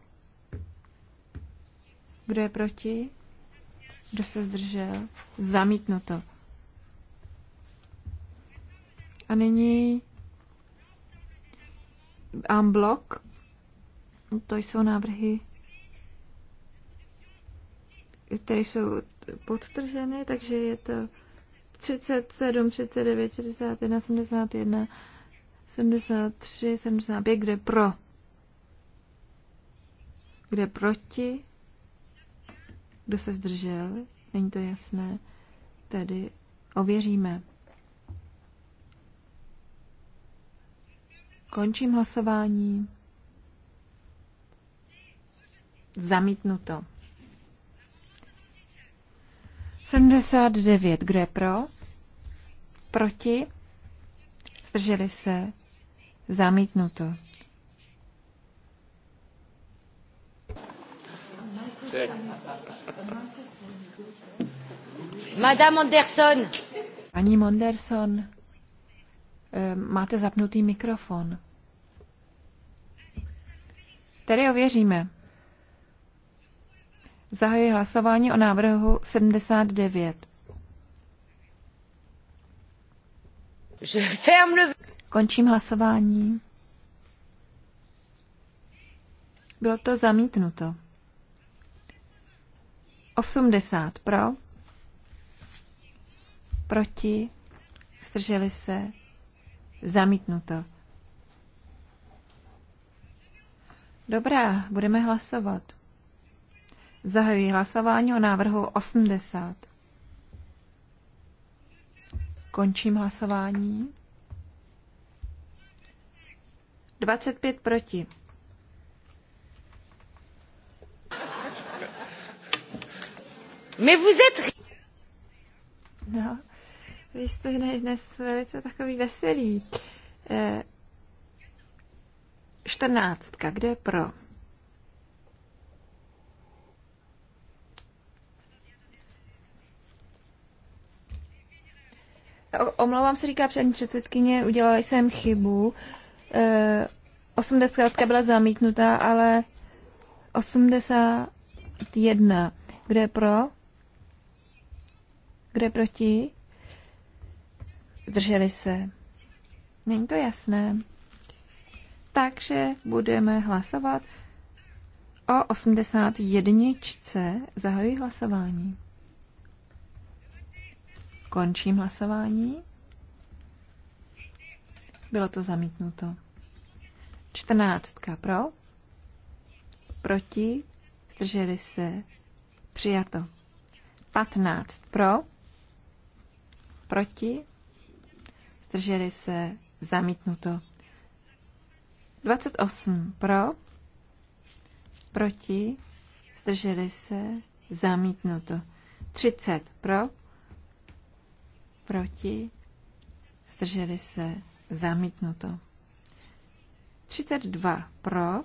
Kdo je proti? Kdo se zdržel? Zamítnuto. A nyní unblock. To jsou návrhy které jsou podtrženy, takže je to 37, 39, 61, 71, 73, 75, kde pro, kde proti, kdo se zdržel, není to jasné, tedy ověříme. Končím hlasování. Zamítnuto. 79, kdo je pro? Proti? Zdrželi se? Zamítnuto. Madame Anderson. Paní Monderson, eh, máte zapnutý mikrofon. Tedy ověříme. Zahajuji hlasování o návrhu 79. Končím hlasování. Bylo to zamítnuto. 80 pro, proti, Strželi se, zamítnuto. Dobrá, budeme hlasovat. Zahajuji hlasování o návrhu 80. Končím hlasování. 25 proti. Mais vous êtes... No, vy jste dnes velice takový veselý. Eh, 14. kde je pro? Omlouvám se, říká přední předsedkyně, udělala jsem chybu. E, eh, 80 byla zamítnutá, ale 81. Kde je pro? Kde je proti? Drželi se. Není to jasné. Takže budeme hlasovat o 81. Zahajuji hlasování. Končím hlasování. Bylo to zamítnuto. Čtrnáctka pro. Proti. Zdrželi se. Přijato. Patnáct pro. Proti. Zdrželi se. Zamítnuto. 28 pro. Proti. Zdrželi se. Zamítnuto. 30 pro proti, zdrželi se, zamítnuto. 32 pro,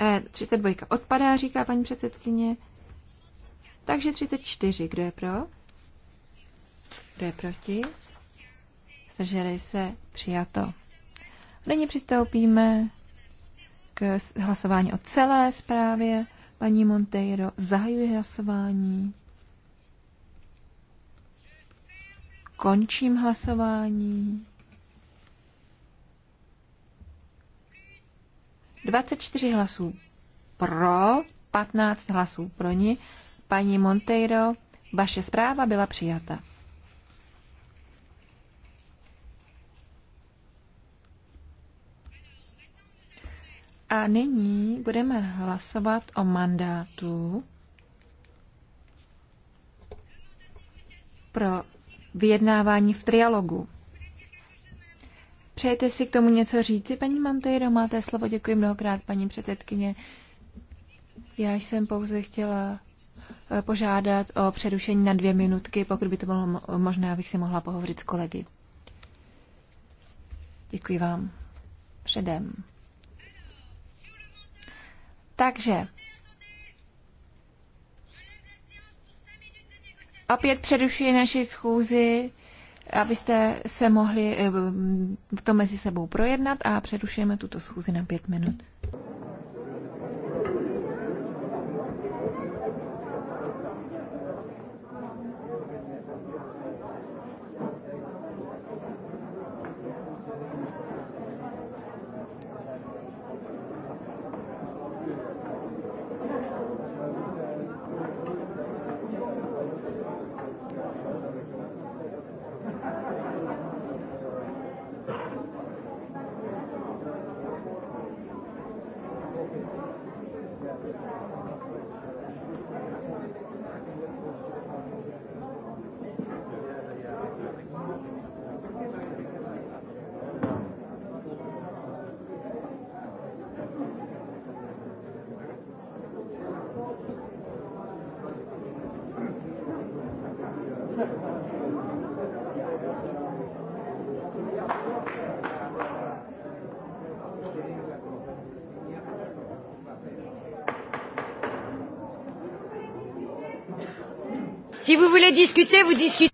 eh, 32 odpadá, říká paní předsedkyně, takže 34, kdo je pro? Kdo je proti? Zdrželi se, přijato. Nyní přistoupíme k hlasování o celé zprávě. Paní Monteiro, zahajuji hlasování. Končím hlasování. 24 hlasů pro, 15 hlasů pro ní. Paní Monteiro, vaše zpráva byla přijata. A nyní budeme hlasovat o mandátu pro vyjednávání v trialogu. Přejete si k tomu něco říci, paní Mantejro? Máte slovo, děkuji mnohokrát, paní předsedkyně. Já jsem pouze chtěla eh, požádat o přerušení na dvě minutky, pokud by to bylo možné, abych si mohla pohovořit s kolegy. Děkuji vám předem. Takže opět přerušuji naši schůzi, abyste se mohli eh, to mezi sebou projednat a přerušujeme tuto schůzi na pět minut.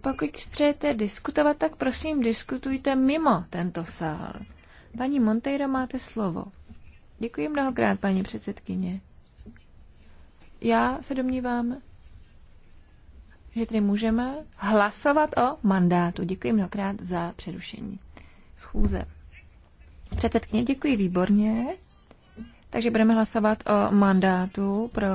Pokud přejete diskutovat, tak prosím diskutujte mimo tento sál. Paní Monteiro, máte slovo. Děkuji mnohokrát, paní předsedkyně. Já se domnívám, že tedy můžeme hlasovat o mandátu. Děkuji mnohokrát za přerušení schůze. Předsedkyně, děkuji výborně. Takže budeme hlasovat o mandátu pro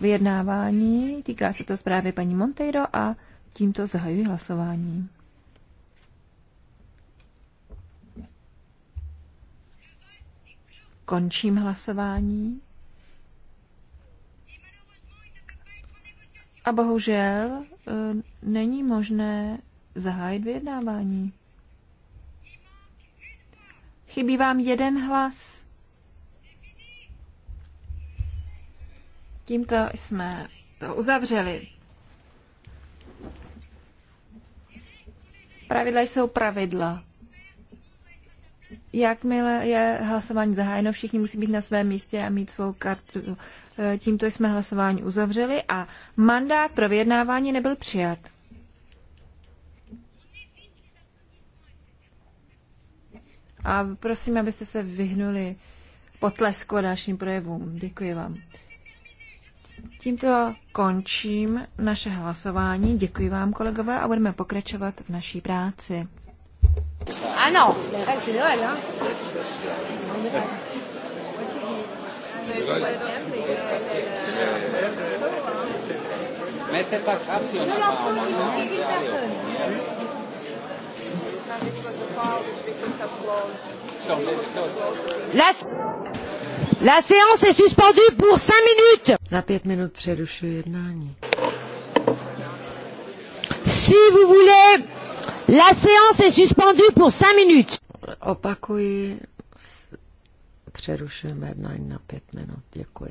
vyjednávání. Týká se to zprávy paní Monteiro a tímto zahajuji hlasování. Končím hlasování. A bohužel e, není možné zahájit vyjednávání. Chybí vám jeden hlas. Tímto jsme to uzavřeli. Pravidla jsou pravidla. Jakmile je hlasování zahájeno, všichni musí být na svém místě a mít svou kartu. E, Tímto jsme hlasování uzavřeli a mandát pro vyjednávání nebyl přijat. A prosím, abyste se vyhnuli potlesku a dalším projevům. Děkuji vám. Tímto končím naše hlasování. Děkuji vám, kolegové, a budeme pokračovat v naší práci. Ano, tak si dole, Let's La séance est suspendue pour 5 minutes. Na pět minut přerušuji jednání. Si vous voulez, la séance est suspendue pour 5 minutes. Opakuji, přerušujeme jednání na pět minut. Děkuji.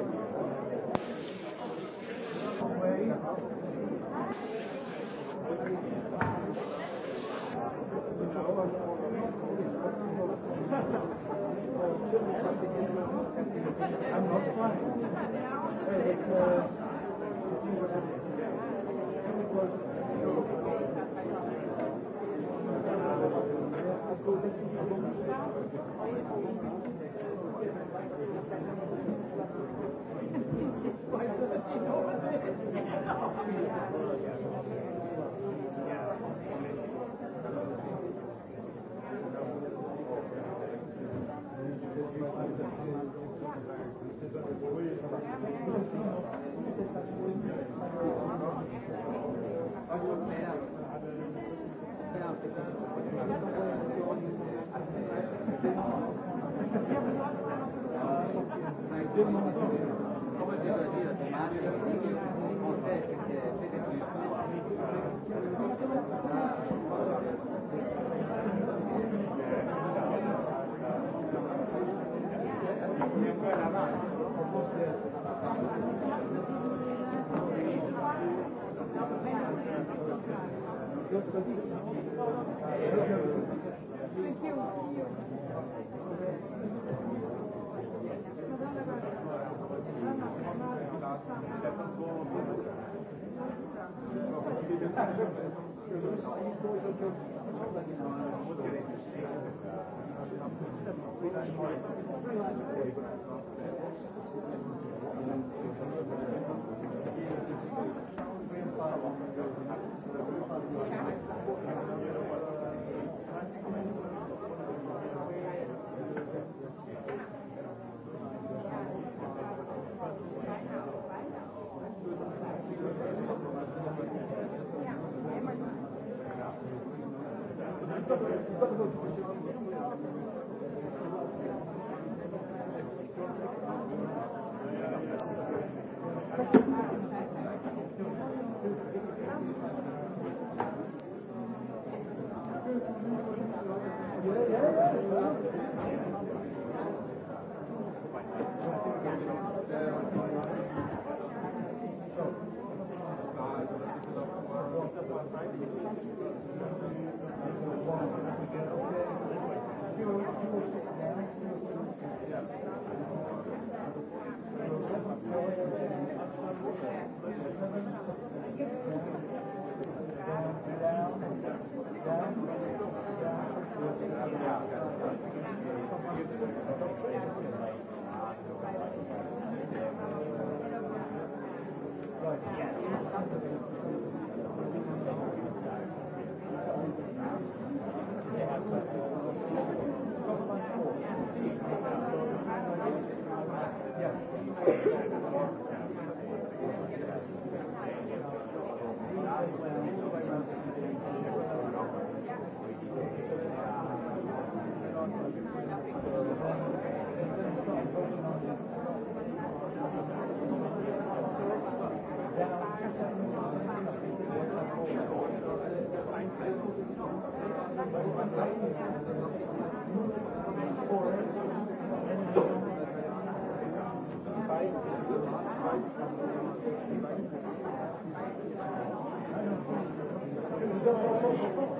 Thank you.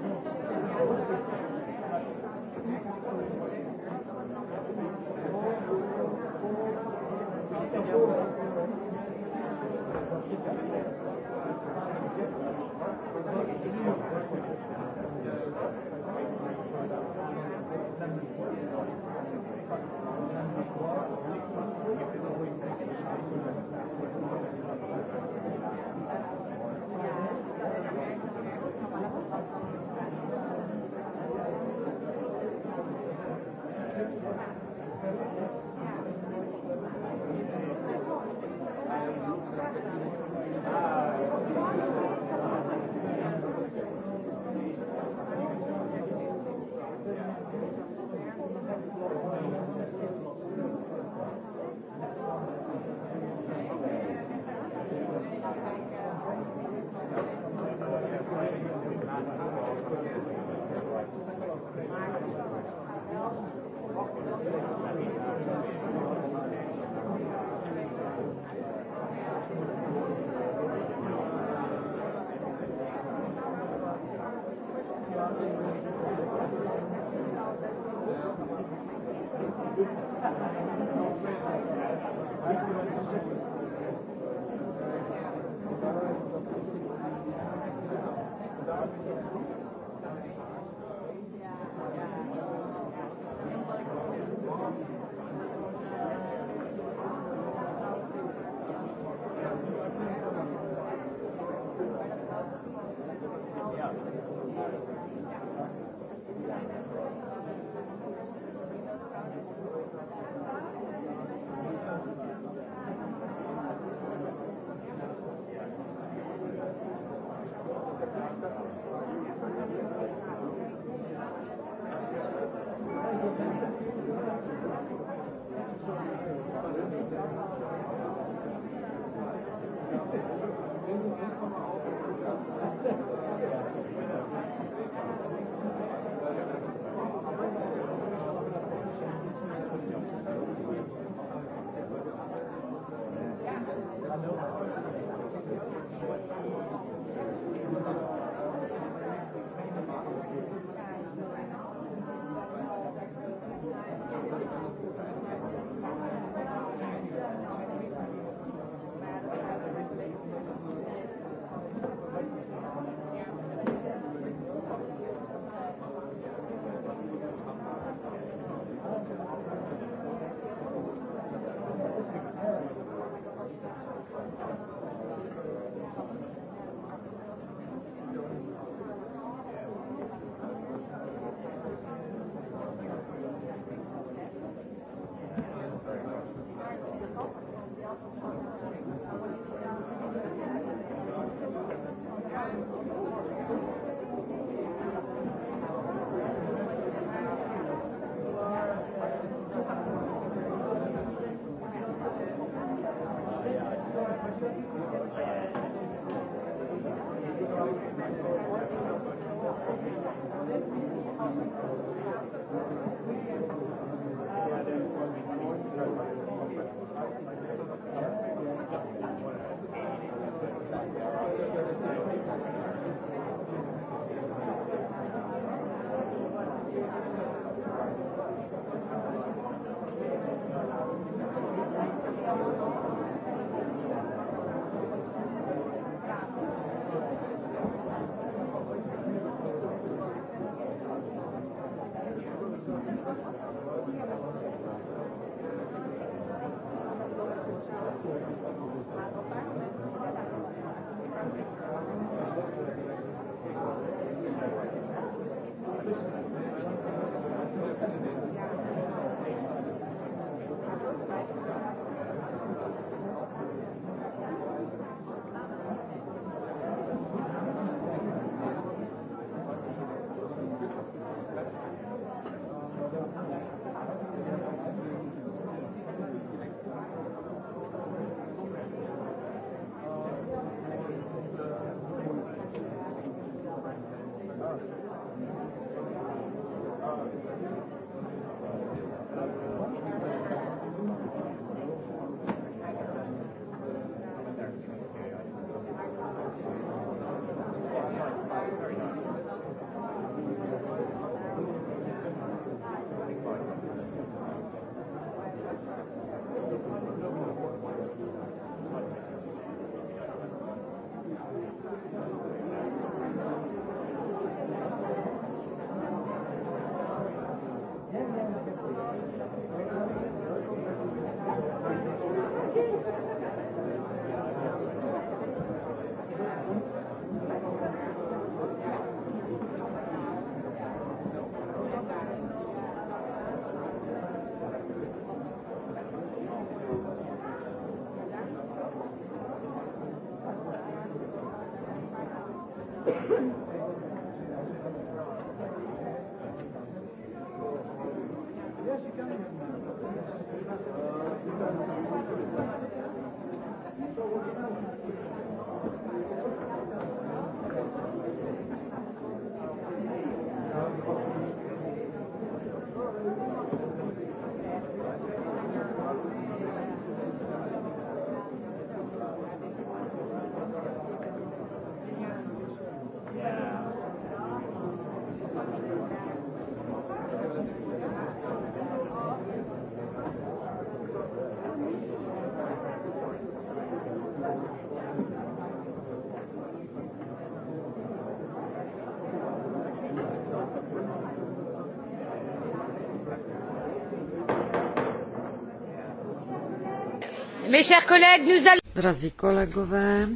Drazí kolegové,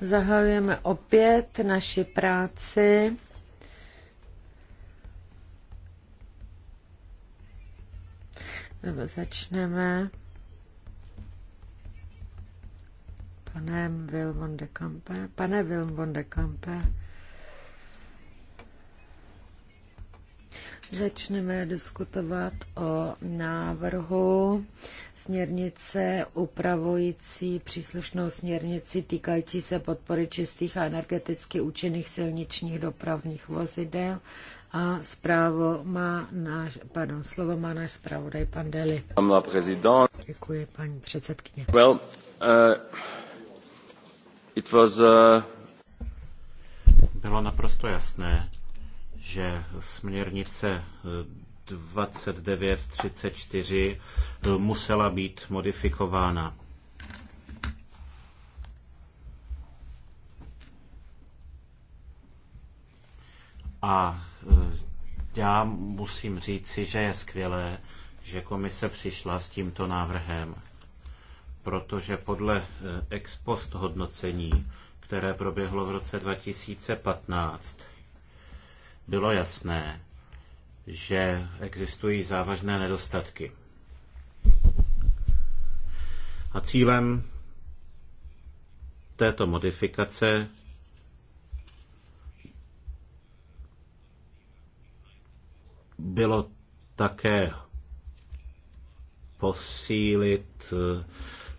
zahajujeme opět naši práci. Nebo začneme panem Wilmon de Campe. Pane Wilmon de Campe, Začneme diskutovat o návrhu směrnice upravující příslušnou směrnici týkající se podpory čistých a energeticky účinných silničních dopravních vozidel a zprávo má náš, pardon, slovo má náš zpravodaj pan Deli. Děkuji, paní předsedkyně. Well, uh, it was, uh... Bylo naprosto jasné, že směrnice 2934 eh, eh, musela být modifikována. A eh, já musím říci, že je skvělé, že komise přišla s tímto návrhem, protože podle ex post hodnocení, které proběhlo v roce 2015, bylo jasné, že existují závažné nedostatky. A cílem této modifikace bylo také posílit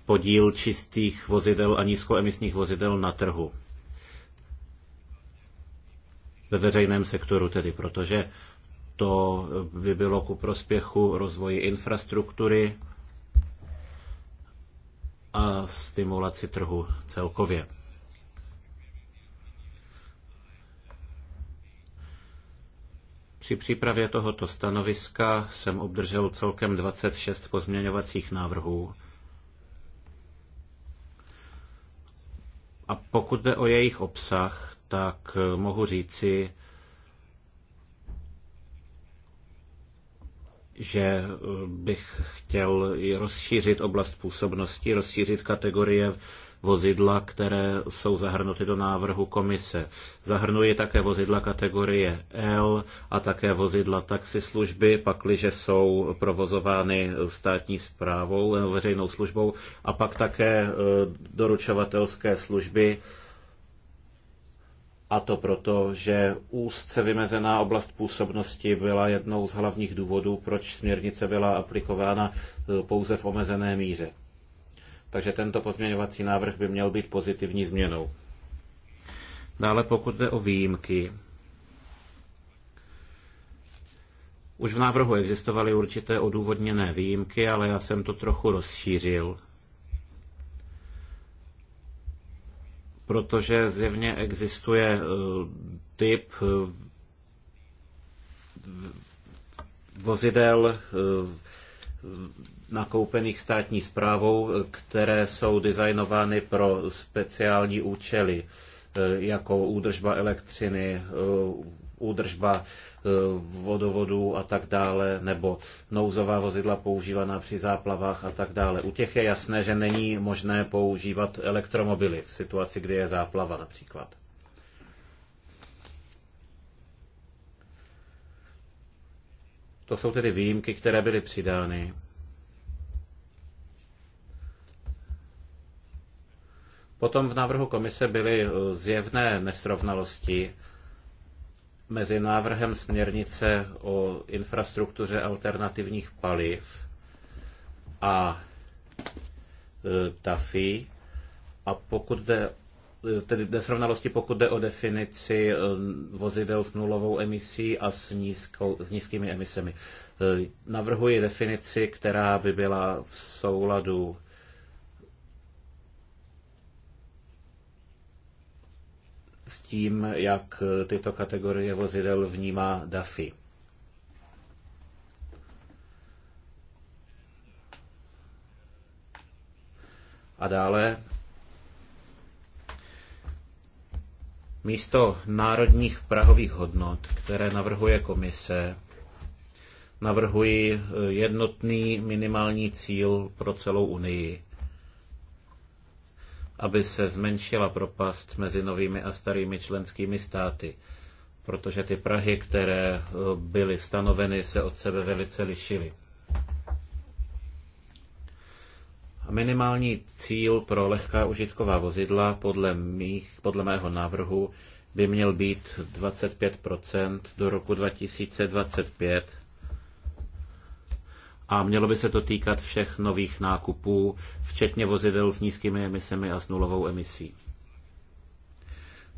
podíl čistých vozidel a nízkoemisních vozidel na trhu ve veřejném sektoru tedy, protože to by bylo ku prospěchu rozvoji infrastruktury a stimulaci trhu celkově. Při přípravě tohoto stanoviska jsem obdržel celkem 26 pozměňovacích návrhů. A pokud jde o jejich obsah, tak eh, mohu říci, že eh, bych chtěl rozšířit oblast působnosti, rozšířit kategorie vozidla, které jsou zahrnuty do návrhu komise. Zahrnuji také vozidla kategorie L a také vozidla taxislužby, pakliže jsou provozovány státní správou, eh, veřejnou službou a pak také doručovatelské služby, a to proto, že úzce vymezená oblast působnosti byla jednou z hlavních důvodů, proč směrnice byla aplikována e, pouze v omezené míře. Takže tento pozměňovací návrh by měl být pozitivní změnou. Dále pokud jde o výjimky, už v návrhu existovaly určité odůvodněné výjimky, ale já jsem to trochu rozšířil. protože zjevně existuje eh, typ eh, vozidel eh, nakoupených státní správou, které jsou designovány pro speciální účely, jako údržba elektřiny, údržba e, vodovodů a tak dále, nebo nouzová vozidla používaná při záplavách a tak dále. U těch je jasné, že není možné používat elektromobily v situaci, kdy je záplava například. To jsou tedy výjimky, které byly přidány. Potom v návrhu komise byly e, zjevné nesrovnalosti mezi návrhem směrnice o infrastruktuře alternativních paliv a TAFI e, A pokud jde e, tedy nesrovnalosti, pokud jde o definici e, vozidel s nulovou emisí a s, nízkou, s nízkými emisemi. Navrhuji definici, která by byla v souladu s tím, jak tyto kategorie vozidel vnímá DAFI. A dále místo národních prahových hodnot, které navrhuje komise, navrhuji jednotný minimální cíl pro celou Unii aby se zmenšila propast mezi novými a starými členskými státy, protože ty Prahy, které eh, byly stanoveny, se od sebe velice lišily. Minimální cíl pro lehká užitková vozidla podle, mých, podle mého návrhu by měl být 25 do roku 2025 a mělo by se to týkat všech nových nákupů, včetně vozidel s nízkými emisemi a s nulovou emisí.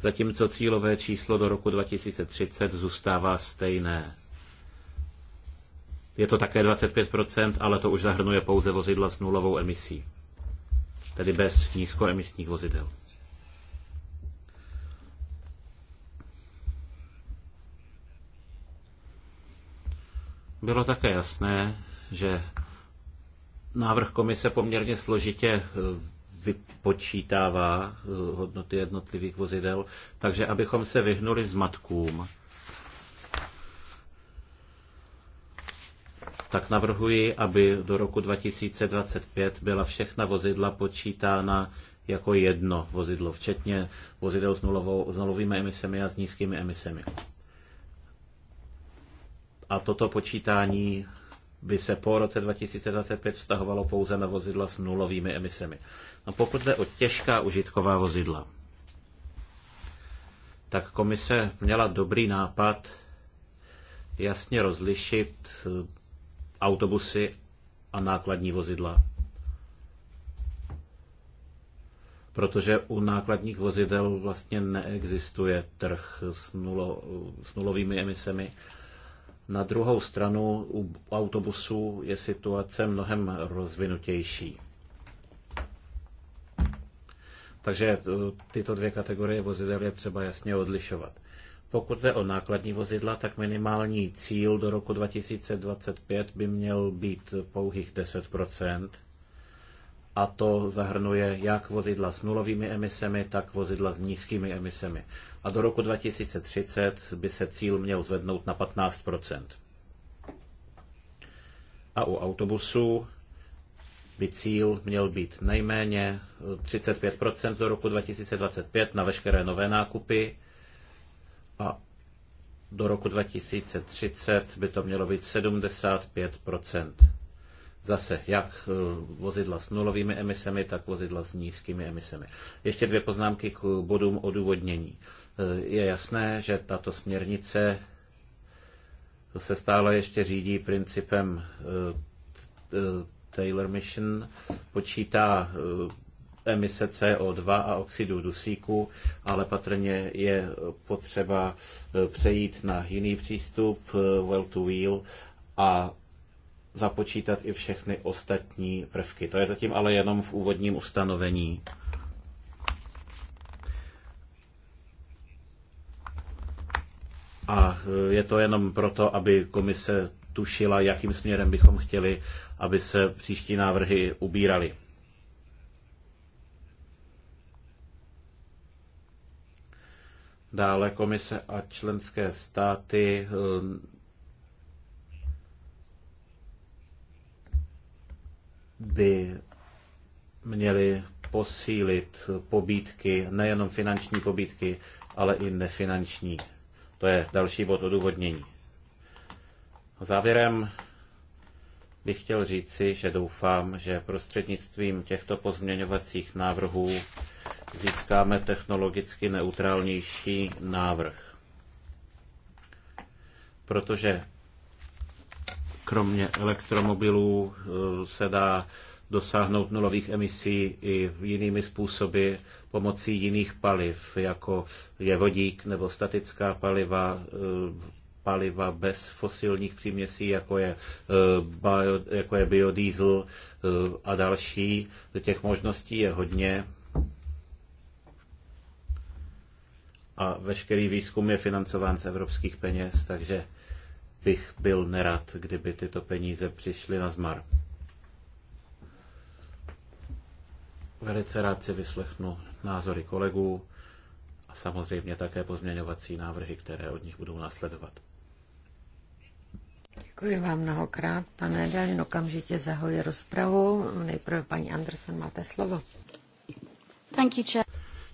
Zatímco cílové číslo do roku 2030 zůstává stejné. Je to také 25%, ale to už zahrnuje pouze vozidla s nulovou emisí, tedy bez nízkoemisních vozidel. Bylo také jasné, že návrh komise poměrně složitě eh, vypočítává eh, hodnoty jednotlivých vozidel, takže abychom se vyhnuli zmatkům, tak navrhuji, aby do roku 2025 byla všechna vozidla počítána jako jedno vozidlo, včetně vozidel s, nulovou, s nulovými emisemi a s nízkými emisemi. A toto počítání by se po roce 2025 vztahovalo pouze na vozidla s nulovými emisemi. No pokud jde o těžká užitková vozidla, tak komise měla dobrý nápad jasně rozlišit eh, autobusy a nákladní vozidla. Protože u nákladních vozidel vlastně neexistuje trh s, nulo, s nulovými emisemi na druhou stranu u autobusů je situace mnohem rozvinutější. Takže eh, tyto dvě kategorie vozidel je třeba jasně odlišovat. Pokud jde o nákladní vozidla, tak minimální cíl do roku 2025 by měl být pouhých 10 a to zahrnuje jak vozidla s nulovými emisemi, tak vozidla s nízkými emisemi a do roku 2030 by se cíl měl zvednout na 15 A u autobusů by cíl měl být nejméně 35 eh, do roku 2025 na veškeré nové nákupy a do roku 2030 by to mělo být 75 Zase jak eh, vozidla s nulovými emisemi, tak vozidla s nízkými emisemi. Ještě dvě poznámky k bodům odůvodnění. Eh, je jasné, že tato směrnice se stále ještě řídí principem eh, Taylor Mission, počítá eh, emise CO2 a oxidu dusíku, ale patrně je potřeba přejít na jiný přístup, well to wheel, a započítat i všechny ostatní prvky. To je zatím ale jenom v úvodním ustanovení. A e, je to jenom proto, aby komise tušila, jakým směrem bychom chtěli, aby se příští návrhy ubíraly. Dále komise a členské státy e, by měly posílit pobídky, nejenom finanční pobídky, ale i nefinanční to je další bod odůvodnění. Závěrem bych chtěl říci, že doufám, že prostřednictvím těchto pozměňovacích návrhů získáme technologicky neutrálnější návrh. Protože kromě elektromobilů eh, se dá dosáhnout nulových emisí i jinými způsoby pomocí jiných paliv, jako je vodík nebo statická paliva, eh, paliva bez fosilních příměsí, jako je, eh, bio, jako je biodiesel eh, a další. Těch možností je hodně. A veškerý výzkum je financován z evropských peněz, takže bych byl nerad, kdyby tyto peníze přišly na zmar. Velice rád si vyslechnu názory kolegů a samozřejmě také pozměňovací návrhy, které od nich budou následovat. Děkuji vám mnohokrát, pane Dalin. Okamžitě zahoji rozpravu. Nejprve paní Andersen, máte slovo. Thank you, chair.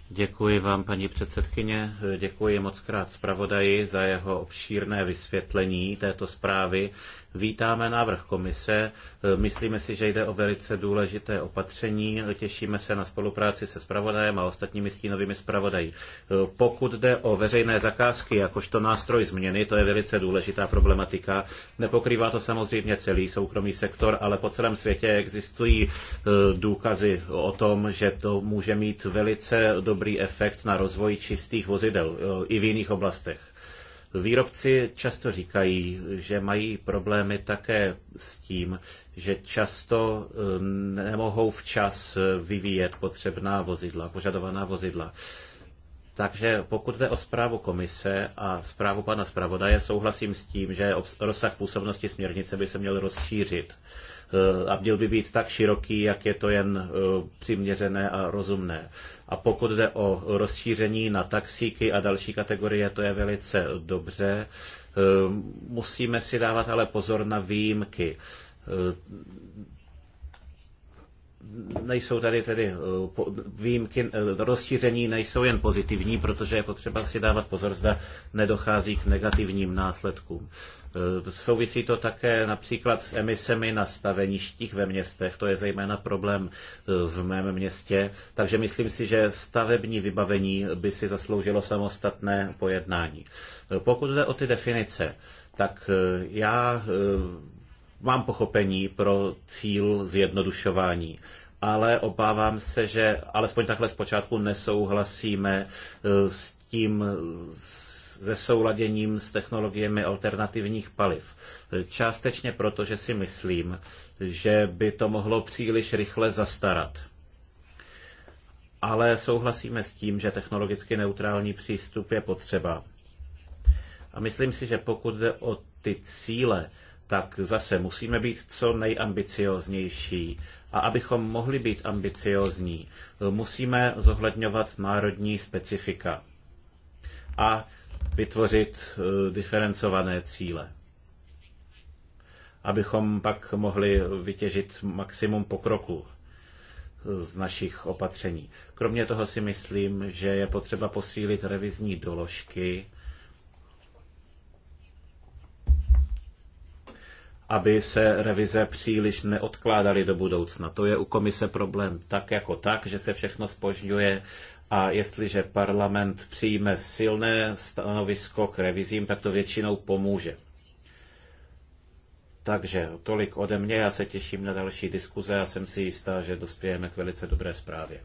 Děkuji vám, paní předsedkyně. Děkuji moc krát zpravodaji za jeho obšírné vysvětlení této zprávy. Vítáme návrh komise, e, myslíme si, že jde o velice důležité opatření, těšíme se na spolupráci se spravodajem a ostatními stínovými spravodají. E, pokud jde o veřejné zakázky, jakožto nástroj změny, to je velice důležitá problematika. Nepokrývá to samozřejmě celý soukromý sektor, ale po celém světě existují e, důkazy o tom, že to může mít velice dobrý efekt na rozvoj čistých vozidel i v jiných oblastech. Výrobci často říkají, že mají problémy také s tím, že často eh, nemohou včas vyvíjet potřebná vozidla, požadovaná vozidla. Takže pokud jde o zprávu komise a zprávu pana zpravodaje, souhlasím s tím, že rozsah působnosti směrnice by se měl rozšířit Eh, a měl by být tak široký, jak je to jen eh, přiměřené a rozumné. A pokud jde o rozšíření na taxíky a další kategorie, to je velice dobře. Eh, musíme si dávat ale pozor na výjimky nejsou tady tedy eh, výjimky, eh, rozšíření nejsou jen pozitivní, protože je potřeba si dávat pozor, zda nedochází k negativním následkům. Eh, souvisí to také například s emisemi na staveništích ve městech, to je zejména problém v mém městě, takže myslím si, že stavební vybavení by si zasloužilo samostatné pojednání. Pokud jde o ty definice, tak já mám pochopení pro cíl zjednodušování, ale obávám se, že alespoň takhle zpočátku nesouhlasíme eh, s tím, se souladěním s technologiemi alternativních paliv. Částečně proto, že si myslím, že by to mohlo příliš rychle zastarat. Ale souhlasíme s tím, že technologicky neutrální přístup je potřeba. A myslím si, že pokud jde o ty cíle, tak zase musíme být co nejambicioznější. A abychom mohli být ambiciozní, musíme zohledňovat národní specifika a vytvořit eh, diferencované cíle abychom pak mohli vytěžit maximum pokroku eh, z našich opatření. Kromě toho si myslím, že je potřeba posílit revizní doložky aby se revize příliš neodkládaly do budoucna. To je u komise problém tak jako tak, že se všechno spožňuje a jestliže parlament přijme silné stanovisko k revizím, tak to většinou pomůže. Takže tolik ode mě, já se těším na další diskuze a jsem si jistá, že dospějeme k velice dobré zprávě.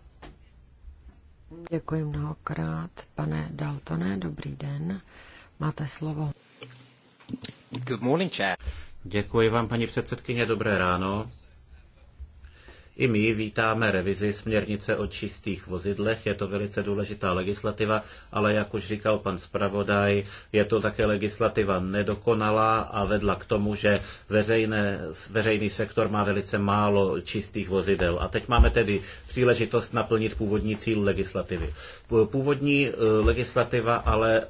Děkuji mnohokrát, pane Daltone, dobrý den, máte slovo. Good morning, chair. Děkuji vám, paní předsedkyně, dobré ráno. I my vítáme revizi směrnice o čistých vozidlech, je to velice důležitá legislativa, ale jak už říkal pan zpravodaj, je to také legislativa nedokonalá a vedla k tomu, že veřejné, veřejný sektor má velice málo čistých vozidel. A teď máme tedy příležitost naplnit původní cíl legislativy. Původní eh, legislativa ale eh,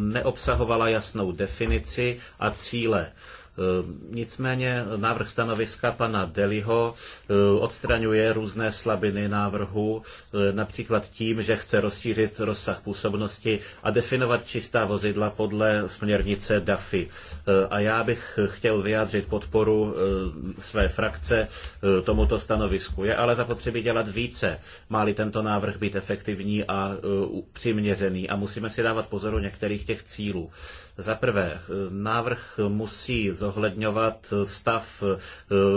neobsahovala jasnou definici a cíle Ehm, nicméně návrh stanoviska pana Deliho eh, odstraňuje různé slabiny návrhu, eh, například tím, že chce rozšířit rozsah působnosti a definovat čistá vozidla podle směrnice DAFI. Eh, a já bych chtěl vyjádřit podporu své frakce tomuto stanovisku. Je ale zapotřebí dělat více, má-li tento návrh být efektivní a přiměřený. A musíme si dávat pozor o některých těch cílů. Za prvé, návrh musí zohledňovat stav eh,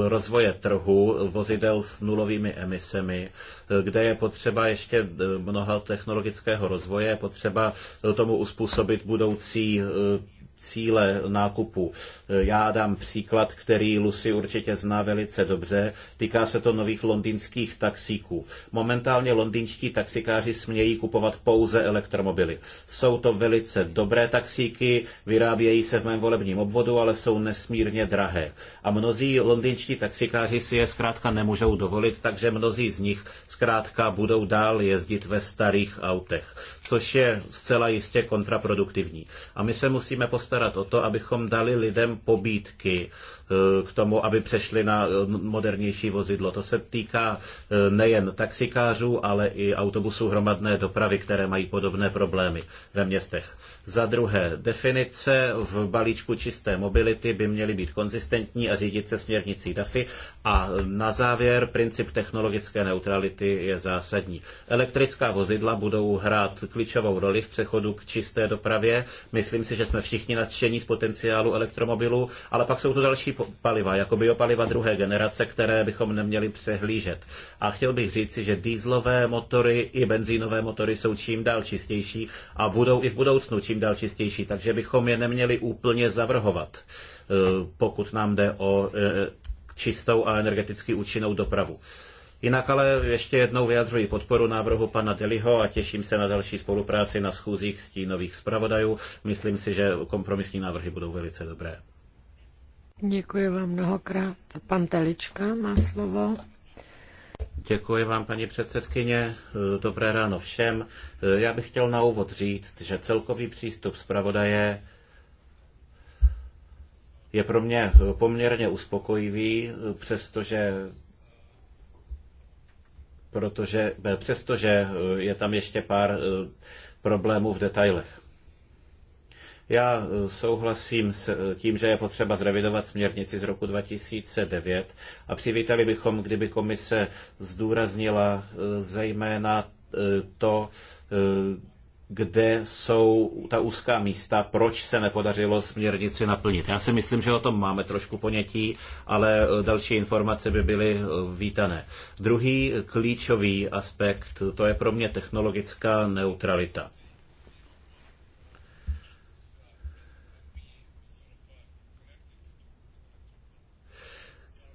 rozvoje trhu vozidel s nulovými emisemi, eh, kde je potřeba ještě eh, mnoha technologického rozvoje, potřeba tomu uspůsobit budoucí cíle nákupu. Eh, já dám příklad, který Lucy určitě zná velice dobře. Týká se to nových londýnských taxíků. Momentálně londýnští taxikáři smějí kupovat pouze elektromobily. Jsou to velice dobré taxíky, vyrábějí se v mém volebním obvodu, ale jsou nesmírně drahé. A mnozí londýnští taxikáři si je zkrátka nemůžou dovolit, takže mnozí z nich zkrátka budou dál jezdit ve starých autech, což je zcela jistě kontraproduktivní. A my se musíme postavit starat o to, abychom dali lidem pobídky Eh, k tomu, aby přešli na eh, modernější vozidlo. To se týká eh, nejen taxikářů, ale i autobusů hromadné dopravy, které mají podobné problémy ve městech. Za druhé, definice v balíčku čisté mobility by měly být konzistentní a řídit se směrnicí DAFy. A na závěr, princip technologické neutrality je zásadní. Elektrická vozidla budou hrát klíčovou roli v přechodu k čisté dopravě. Myslím si, že jsme všichni nadšení z potenciálu elektromobilů, ale pak jsou tu další paliva, jako biopaliva druhé generace, které bychom neměli přehlížet. A chtěl bych říci, že dýzlové motory i benzínové motory jsou čím dál čistější a budou i v budoucnu čím dál čistější, takže bychom je neměli úplně zavrhovat, eh, pokud nám jde o eh, čistou a energeticky účinnou dopravu. Jinak ale ještě jednou vyjadřuji podporu návrhu pana Deliho a těším se na další spolupráci na schůzích stínových zpravodajů. Myslím si, že kompromisní návrhy budou velice dobré. Děkuji vám mnohokrát. Pan Telička má slovo. Děkuji vám, paní předsedkyně. Dobré ráno všem. Já bych chtěl na úvod říct, že celkový přístup zpravodaje je pro mě poměrně uspokojivý, přestože protože, přestože je tam ještě pár eh, problémů v detailech. Já eh, souhlasím s eh, tím, že je potřeba zrevidovat směrnici z roku 2009 a přivítali bychom, kdyby komise zdůraznila eh, zejména to, kde jsou ta úzká místa, proč se nepodařilo směrnici naplnit. Já si myslím, že o tom máme trošku ponětí, ale další informace by byly vítané. Druhý klíčový aspekt, to je pro mě technologická neutralita.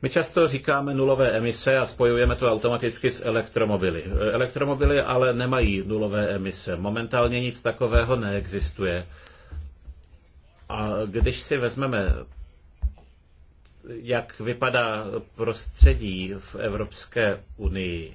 My často říkáme nulové emise a spojujeme to automaticky s elektromobily. Elektromobily ale nemají nulové emise. Momentálně nic takového neexistuje. A když si vezmeme, jak vypadá prostředí v Evropské unii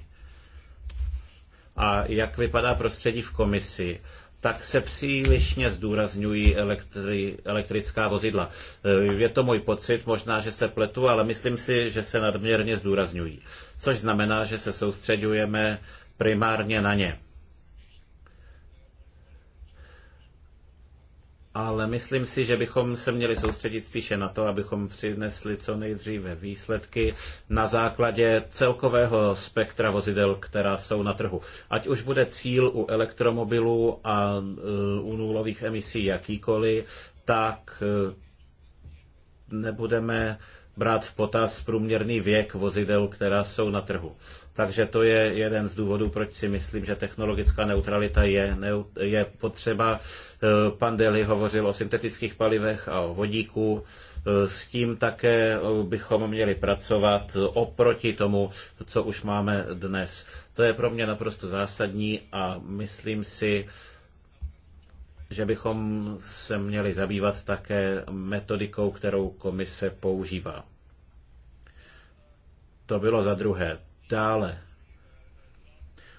a jak vypadá prostředí v komisi, tak se přílišně zdůrazňují elektri, elektrická vozidla. Eh, je to můj pocit, možná, že se pletu, ale myslím si, že se nadměrně zdůrazňují. Což znamená, že se soustředujeme primárně na ně. ale myslím si, že bychom se měli soustředit spíše na to, abychom přinesli co nejdříve výsledky na základě celkového spektra vozidel, která jsou na trhu. Ať už bude cíl u elektromobilů a e, u nulových emisí jakýkoliv, tak e, nebudeme brát v potaz průměrný věk vozidel, která jsou na trhu. Takže to je jeden z důvodů, proč si myslím, že technologická neutralita je, je potřeba. Eh, pan Deli hovořil o syntetických palivech a o vodíku. Eh, s tím také eh, bychom měli pracovat oproti tomu, co už máme dnes. To je pro mě naprosto zásadní a myslím si, že bychom se měli zabývat také metodikou, kterou komise používá. To bylo za druhé. Dále.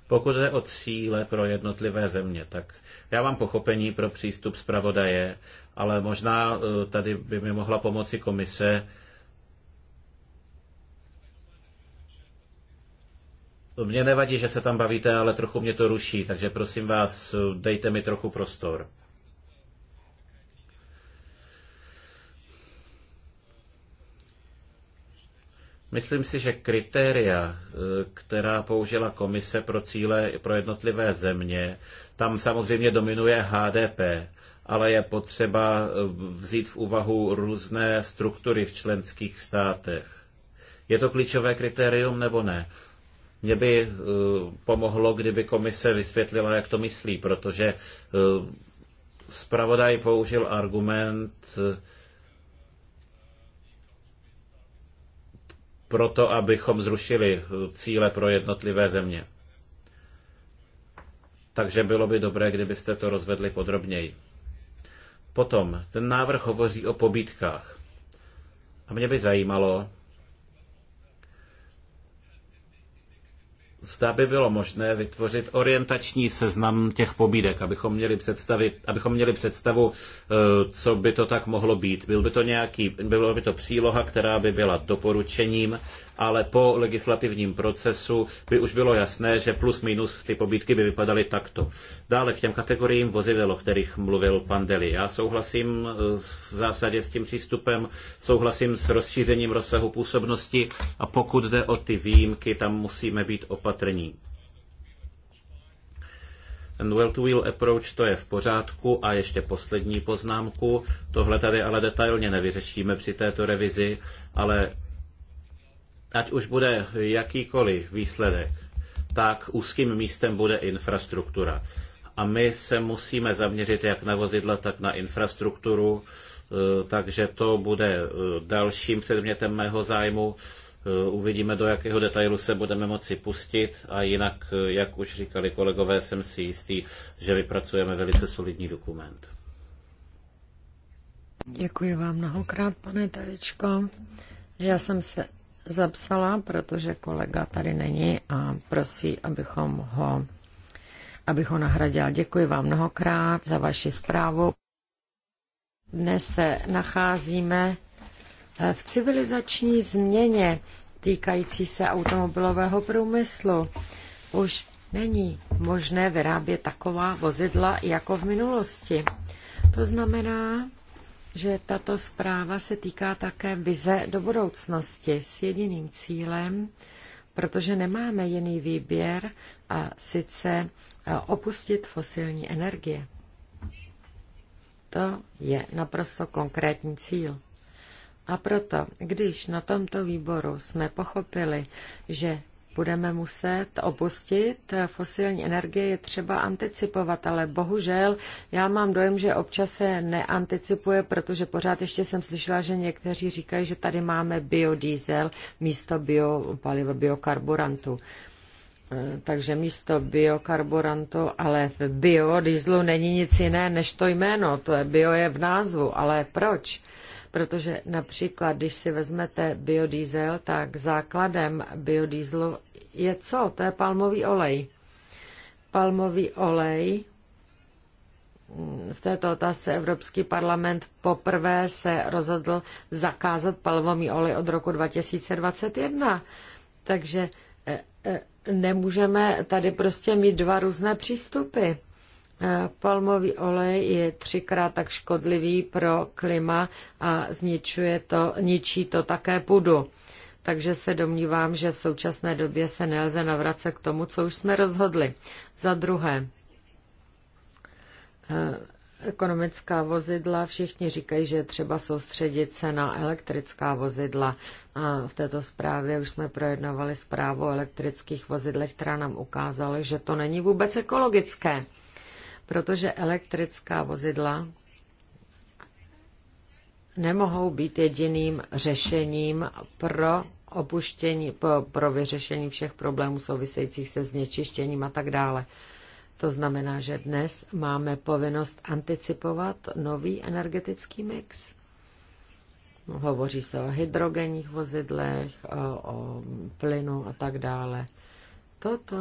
Pokud jde o cíle pro jednotlivé země, tak já mám pochopení pro přístup zpravodaje, ale možná eh, tady by mi mohla pomoci komise Mně nevadí, že se tam bavíte, ale trochu mě to ruší, takže prosím vás, dejte mi trochu prostor. Myslím si, že kritéria, eh, která použila komise pro cíle pro jednotlivé země, tam samozřejmě dominuje HDP, ale je potřeba eh, vzít v úvahu různé struktury v členských státech. Je to klíčové kritérium nebo ne? Mě by eh, pomohlo, kdyby komise vysvětlila, jak to myslí, protože eh, zpravodaj použil argument eh, proto, abychom zrušili cíle pro jednotlivé země. Takže bylo by dobré, kdybyste to rozvedli podrobněji. Potom, ten návrh hovoří o pobítkách. A mě by zajímalo, zda by bylo možné vytvořit orientační seznam těch pobídek, abychom měli, představit, abychom měli představu, eh, co by to tak mohlo být. Byl by to nějaký, bylo by to příloha, která by byla doporučením, ale po legislativním procesu by už bylo jasné, že plus minus ty pobídky by vypadaly takto. Dále k těm kategoriím vozidel, o kterých mluvil pan Deli. Já souhlasím eh, v zásadě s tím přístupem, souhlasím s rozšířením rozsahu působnosti a pokud jde o ty výjimky, tam musíme být opatrní. Ten well-to-wheel approach to je v pořádku a ještě poslední poznámku. Tohle tady ale detailně nevyřešíme při této revizi, ale ať už bude jakýkoliv výsledek, tak úzkým místem bude infrastruktura. A my se musíme zaměřit jak na vozidla, tak na infrastrukturu, e, takže to bude e, dalším předmětem mého zájmu. E, uvidíme, do jakého detailu se budeme moci pustit a jinak, jak už říkali kolegové, jsem si jistý, že vypracujeme velice solidní dokument. Děkuji vám mnohokrát, pane Taričko. Já jsem se zapsala, protože kolega tady není a prosí, abychom ho, abych ho nahradila. Děkuji vám mnohokrát za vaši zprávu. Dnes se nacházíme eh, v civilizační změně týkající se automobilového průmyslu. Už není možné vyrábět taková vozidla jako v minulosti. To znamená, že tato zpráva se týká také vize do budoucnosti s jediným cílem, protože nemáme jiný výběr a sice eh, opustit fosilní energie. To je naprosto konkrétní cíl. A proto, když na tomto výboru jsme pochopili, že budeme muset opustit fosilní energie, je třeba anticipovat, ale bohužel já mám dojem, že občas se neanticipuje, protože pořád ještě jsem slyšela, že někteří říkají, že tady máme biodiesel místo biopaliva, biokarburantu. E, takže místo biokarburantu, ale v biodieslu není nic jiné než to jméno, to je bio je v názvu, ale proč? protože například, když si vezmete biodiesel, tak základem biodieslu je co? To je palmový olej. Palmový olej. V této otázce Evropský parlament poprvé se rozhodl zakázat palmový olej od roku 2021. Takže e, e, nemůžeme tady prostě mít dva různé přístupy. E, palmový olej je třikrát tak škodlivý pro klima a zničuje to, ničí to také půdu takže se domnívám, že v současné době se nelze navracet k tomu, co už jsme rozhodli. Za druhé, eh, ekonomická vozidla, všichni říkají, že je třeba soustředit se na elektrická vozidla. A v této zprávě už jsme projednovali zprávu o elektrických vozidlech, která nám ukázala, že to není vůbec ekologické, protože elektrická vozidla nemohou být jediným řešením pro opuštění, po, pro vyřešení všech problémů souvisejících se znečištěním a tak dále. To znamená, že dnes máme povinnost anticipovat nový energetický mix. Hovoří se o hydrogenních vozidlech, o, o plynu a tak dále. Toto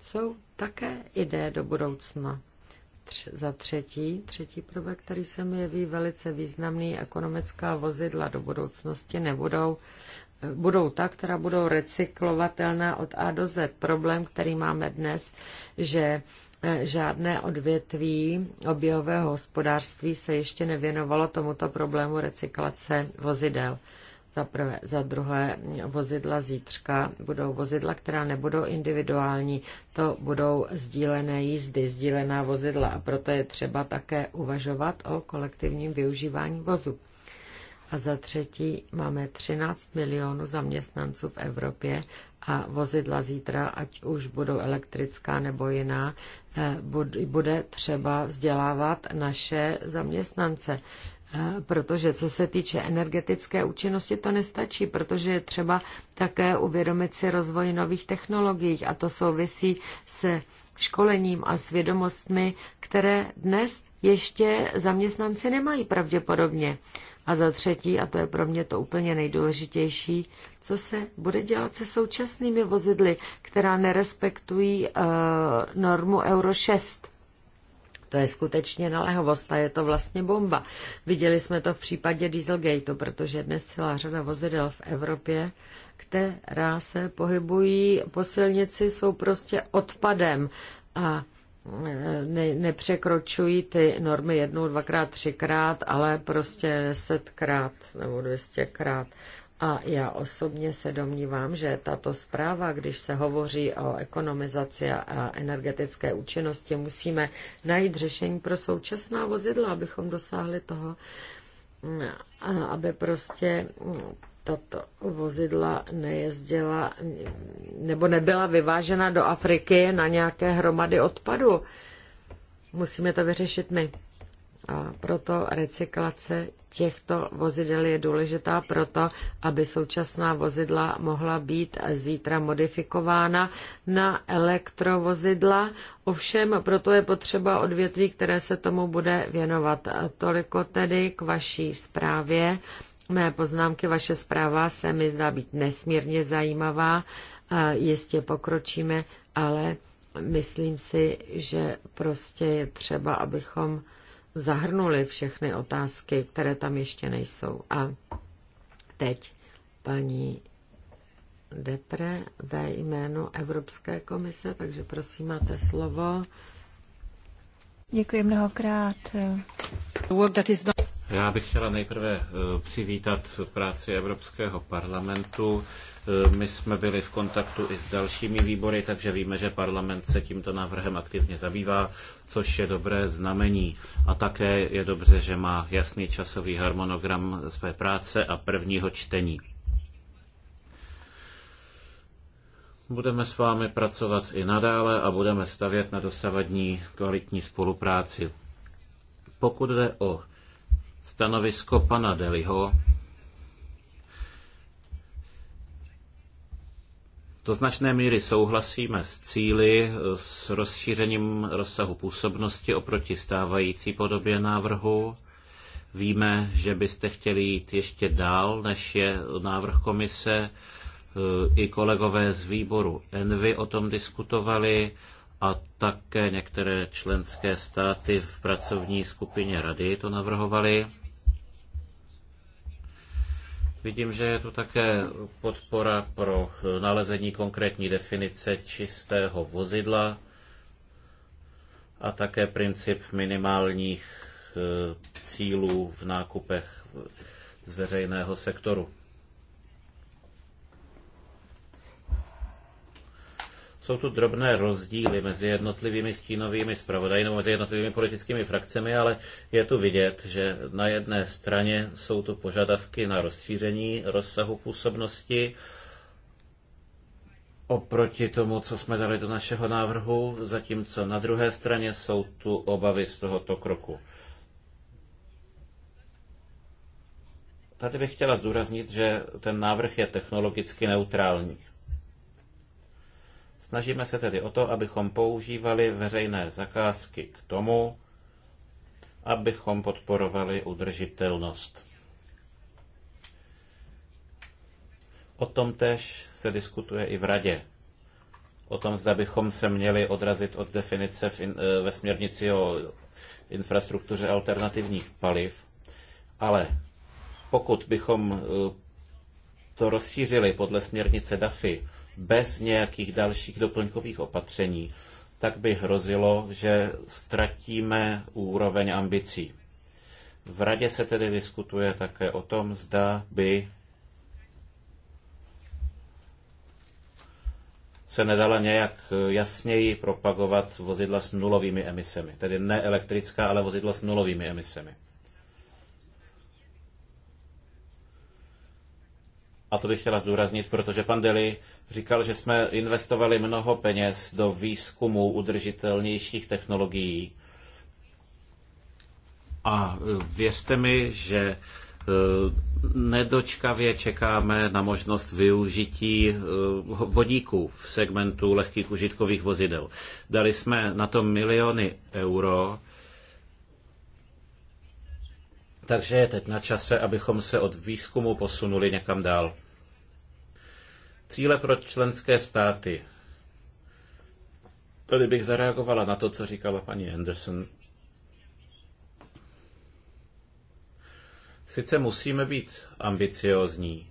jsou také ideje do budoucna. Tř- za třetí, třetí prvek, který se mi jeví velice významný, ekonomická vozidla do budoucnosti nebudou budou ta, která budou recyklovatelná od A do Z. Problém, který máme dnes, že eh, žádné odvětví oběhového hospodářství se ještě nevěnovalo tomuto problému recyklace vozidel. Za, prvé, za druhé, vozidla zítřka budou vozidla, která nebudou individuální, to budou sdílené jízdy, sdílená vozidla a proto je třeba také uvažovat o kolektivním využívání vozu. A za třetí máme 13 milionů zaměstnanců v Evropě a vozidla zítra, ať už budou elektrická nebo jiná, eh, bude třeba vzdělávat naše zaměstnance. Eh, protože co se týče energetické účinnosti, to nestačí, protože je třeba také uvědomit si rozvoj nových technologií a to souvisí se školením a svědomostmi, které dnes ještě zaměstnanci nemají pravděpodobně. A za třetí, a to je pro mě to úplně nejdůležitější, co se bude dělat se současnými vozidly, která nerespektují uh, normu Euro 6. To je skutečně nalehovost a je to vlastně bomba. Viděli jsme to v případě Dieselgate, protože dnes celá řada vozidel v Evropě, která se pohybují po silnici, jsou prostě odpadem. A ne, nepřekročují ty normy jednou, dvakrát, třikrát, ale prostě desetkrát nebo dvěstěkrát. A já osobně se domnívám, že tato zpráva, když se hovoří o ekonomizaci a energetické účinnosti, musíme najít řešení pro současná vozidla, abychom dosáhli toho, mm, aby prostě tato vozidla nejezdila nebo nebyla vyvážena do Afriky na nějaké hromady odpadu. Musíme to vyřešit my. A proto recyklace těchto vozidel je důležitá proto, aby současná vozidla mohla být zítra modifikována na elektrovozidla. Ovšem, proto je potřeba odvětví, které se tomu bude věnovat. Toliko tedy k vaší zprávě mé poznámky, vaše zpráva se mi zdá být nesmírně zajímavá, jistě pokročíme, ale myslím si, že prostě je třeba, abychom zahrnuli všechny otázky, které tam ještě nejsou. A teď paní Depre ve jménu Evropské komise, takže prosím, máte slovo. Děkuji mnohokrát. Já bych chtěla nejprve eh, přivítat práci Evropského parlamentu. Eh, my jsme byli v kontaktu i s dalšími výbory, takže víme, že parlament se tímto návrhem aktivně zabývá, což je dobré znamení. A také je dobře, že má jasný časový harmonogram své práce a prvního čtení. Budeme s vámi pracovat i nadále a budeme stavět na dosavadní kvalitní spolupráci. Pokud jde o stanovisko pana Deliho. Do značné míry souhlasíme s cíly, s rozšířením rozsahu působnosti oproti stávající podobě návrhu. Víme, že byste chtěli jít ještě dál, než je návrh komise. E, I kolegové z výboru Envy o tom diskutovali a také některé členské státy v pracovní skupině rady to navrhovali. Vidím, že je tu také podpora pro nalezení konkrétní definice čistého vozidla a také princip minimálních eh, cílů v nákupech z veřejného sektoru. Jsou tu drobné rozdíly mezi jednotlivými stínovými zpravodaji nebo mezi jednotlivými politickými frakcemi, ale je tu vidět, že na jedné straně jsou tu požadavky na rozšíření rozsahu působnosti oproti tomu, co jsme dali do našeho návrhu, zatímco na druhé straně jsou tu obavy z tohoto kroku. Tady bych chtěla zdůraznit, že ten návrh je technologicky neutrální. Snažíme se tedy o to, abychom používali veřejné zakázky k tomu, abychom podporovali udržitelnost. O tom tež se diskutuje i v Radě. O tom, zda bychom se měli odrazit od definice v in, eh, ve směrnici o infrastruktuře alternativních paliv, ale pokud bychom eh, to rozšířili podle směrnice DAFI bez nějakých dalších doplňkových opatření, tak by hrozilo, že ztratíme úroveň ambicí. V radě se tedy diskutuje také o tom, zda by se nedala nějak jasněji propagovat vozidla s nulovými emisemi. Tedy ne elektrická, ale vozidla s nulovými emisemi. a to bych chtěla zdůraznit, protože pan Deli říkal, že jsme investovali mnoho peněz do výzkumu udržitelnějších technologií. A e, věřte mi, že e, nedočkavě čekáme na možnost využití e, vodíků v segmentu lehkých užitkových vozidel. Dali jsme na to miliony euro takže je teď na čase, abychom se od výzkumu posunuli někam dál. Cíle pro členské státy. Tady bych zareagovala na to, co říkala paní Anderson. Sice musíme být ambiciozní,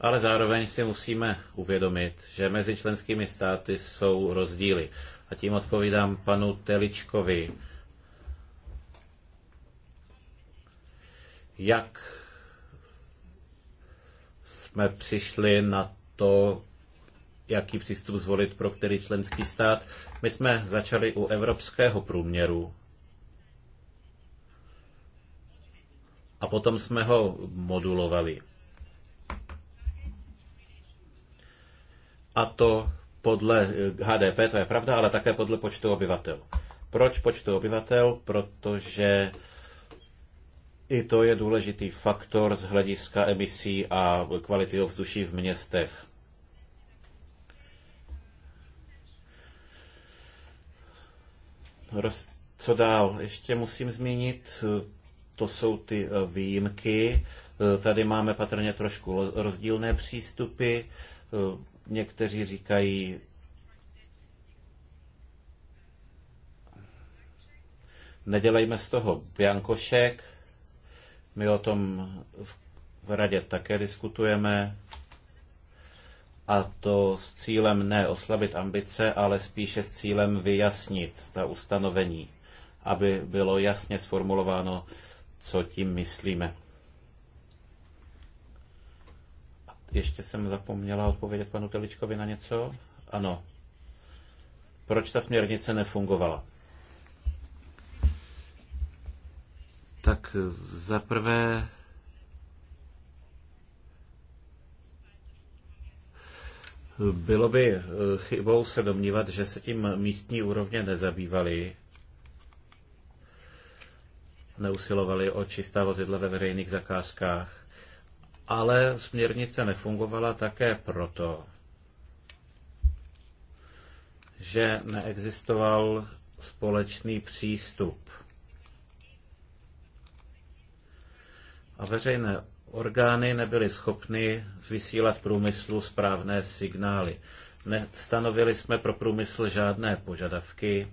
ale zároveň si musíme uvědomit, že mezi členskými státy jsou rozdíly. A tím odpovídám panu Teličkovi jak jsme přišli na to, jaký přístup zvolit pro který členský stát. My jsme začali u evropského průměru a potom jsme ho modulovali. A to podle HDP, to je pravda, ale také podle počtu obyvatel. Proč počtu obyvatel? Protože i to je důležitý faktor z hlediska emisí a kvality ovzduší v městech. co dál? Ještě musím zmínit, to jsou ty eh, výjimky. Eh, tady máme patrně trošku rozdílné přístupy. Eh, někteří říkají, nedělejme z toho biankošek, my o tom v radě také diskutujeme a to s cílem ne oslabit ambice, ale spíše s cílem vyjasnit ta ustanovení, aby bylo jasně sformulováno, co tím myslíme. Ještě jsem zapomněla odpovědět panu Teličkovi na něco. Ano. Proč ta směrnice nefungovala? Tak zaprvé Bylo by eh, chybou se domnívat, že se tím místní úrovně nezabývali, neusilovali o čistá vozidla ve veřejných zakázkách, ale směrnice nefungovala také proto, že neexistoval společný přístup a veřejné orgány nebyly schopny vysílat průmyslu správné signály. Nestanovili jsme pro průmysl žádné požadavky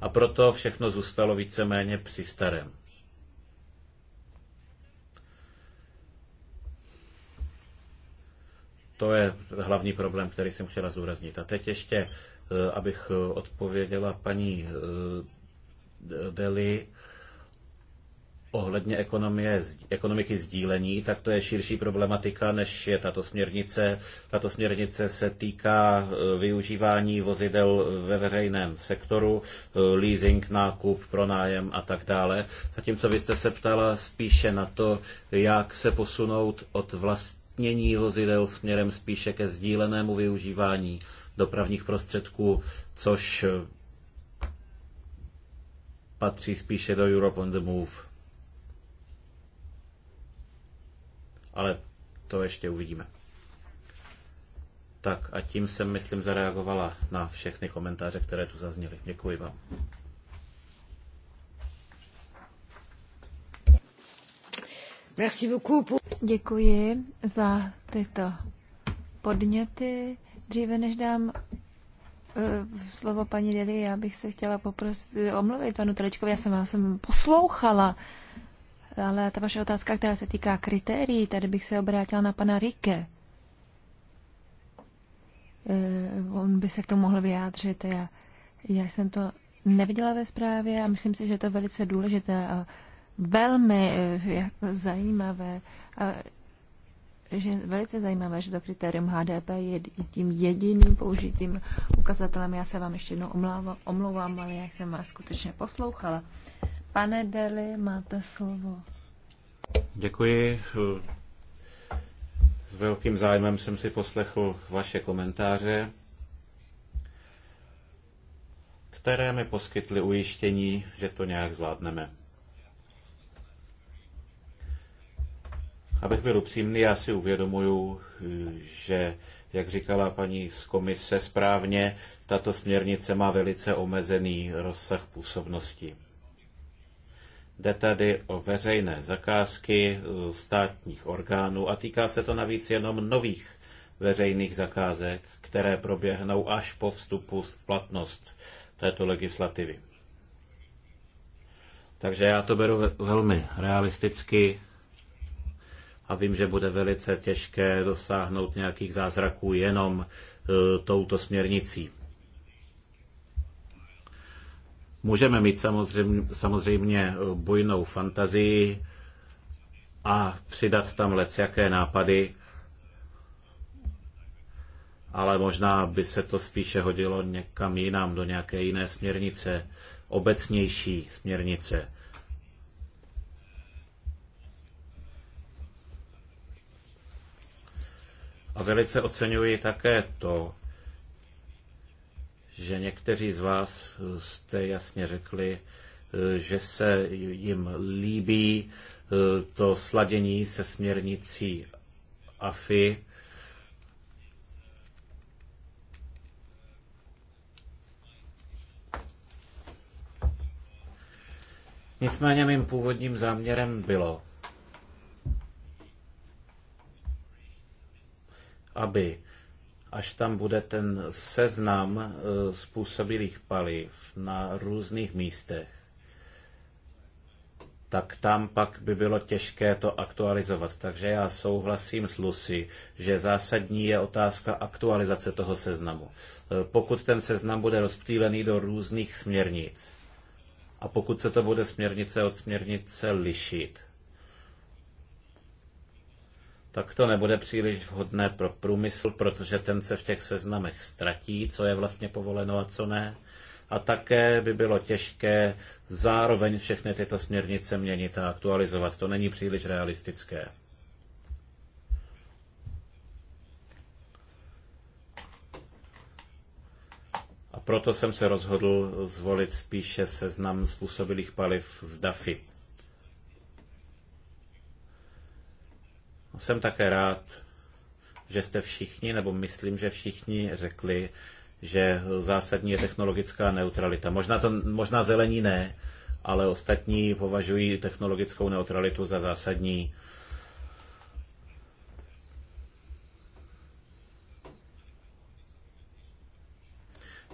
a proto všechno zůstalo víceméně při starém. To je hlavní problém, který jsem chtěla zúraznit. A teď ještě, eh, abych odpověděla paní eh, Deli, ohledně ekonomie, ekonomiky sdílení, tak to je širší problematika, než je tato směrnice. Tato směrnice se týká eh, využívání vozidel ve veřejném sektoru, eh, leasing, nákup, pronájem a tak dále. Zatímco vy jste se ptala spíše na to, jak se posunout od vlastnění vozidel směrem spíše ke sdílenému využívání dopravních prostředků, což eh, patří spíše do Europe on the Move. ale to ještě uvidíme. Tak a tím jsem, myslím, zareagovala na všechny komentáře, které tu zazněly. Děkuji vám. Děkuji za tyto podněty. Dříve než dám eh, slovo paní Deli, já bych se chtěla poprosit eh, omluvit panu Telečkovi, já jsem vás jsem poslouchala. Ale ta vaše otázka, která se týká kritérií, tady bych se obrátila na pana Rike. E, on by se k tomu mohl vyjádřit. Já, já jsem to neviděla ve zprávě a myslím si, že to velice důležité a velmi e, zajímavé. A že velice zajímavé, že to kritérium HDP je tím jediným použitým ukazatelem. Já se vám ještě jednou omlouvám, ale já jsem vás skutečně poslouchala. Pane Deli, máte slovo. Děkuji. S velkým zájmem jsem si poslechl vaše komentáře, které mi poskytly ujištění, že to nějak zvládneme. Abych byl upřímný, já si uvědomuju, že, jak říkala paní z komise správně, tato směrnice má velice omezený rozsah působnosti. Jde tady o veřejné zakázky e, státních orgánů a týká se to navíc jenom nových veřejných zakázek, které proběhnou až po vstupu v platnost této legislativy. Takže já to beru velmi realisticky a vím, že bude velice těžké dosáhnout nějakých zázraků jenom e, touto směrnicí. Můžeme mít samozřejmě, samozřejmě bujnou fantazii a přidat tam lecjaké nápady, ale možná by se to spíše hodilo někam jinam, do nějaké jiné směrnice, obecnější směrnice. A velice oceňuji také to, že někteří z vás jste jasně řekli, že se jim líbí eh, to sladění se směrnicí AFI. Nicméně mým původním záměrem bylo, aby až tam bude ten seznam eh, způsobilých paliv na různých místech, tak tam pak by bylo těžké to aktualizovat. Takže já souhlasím s Lucy, že zásadní je otázka aktualizace toho seznamu. Eh, pokud ten seznam bude rozptýlený do různých směrnic a pokud se to bude směrnice od směrnice lišit, tak to nebude příliš vhodné pro průmysl, protože ten se v těch seznamech ztratí, co je vlastně povoleno a co ne. A také by bylo těžké zároveň všechny tyto směrnice měnit a aktualizovat. To není příliš realistické. A proto jsem se rozhodl zvolit spíše seznam způsobilých paliv z DAFI. Jsem také rád, že jste všichni, nebo myslím, že všichni řekli, že zásadní je technologická neutralita. Možná, to, možná zelení ne, ale ostatní považují technologickou neutralitu za zásadní.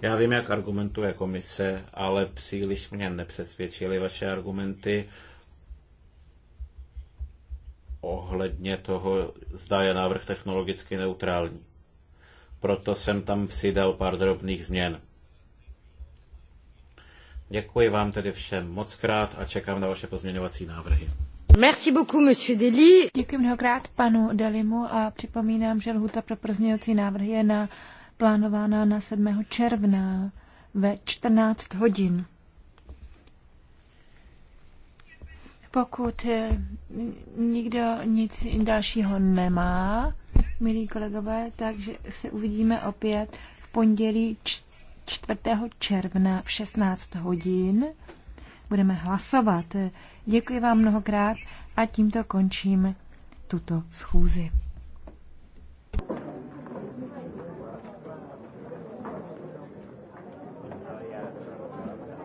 Já vím, jak argumentuje komise, ale příliš mě nepřesvědčily vaše argumenty ohledně toho, zda je návrh technologicky neutrální. Proto jsem tam přidal pár drobných změn. Děkuji vám tedy všem moc krát a čekám na vaše pozměňovací návrhy. Merci beaucoup, monsieur Deli. Děkuji mnohokrát panu Delimu a připomínám, že lhuta pro pozměňovací návrhy je na, plánována na 7. června ve 14 hodin. Pokud eh, nikdo nic dalšího nemá, milí kolegové, takže se uvidíme opět v pondělí 4. června v 16 hodin. Budeme hlasovat. Děkuji vám mnohokrát a tímto končím tuto schůzi.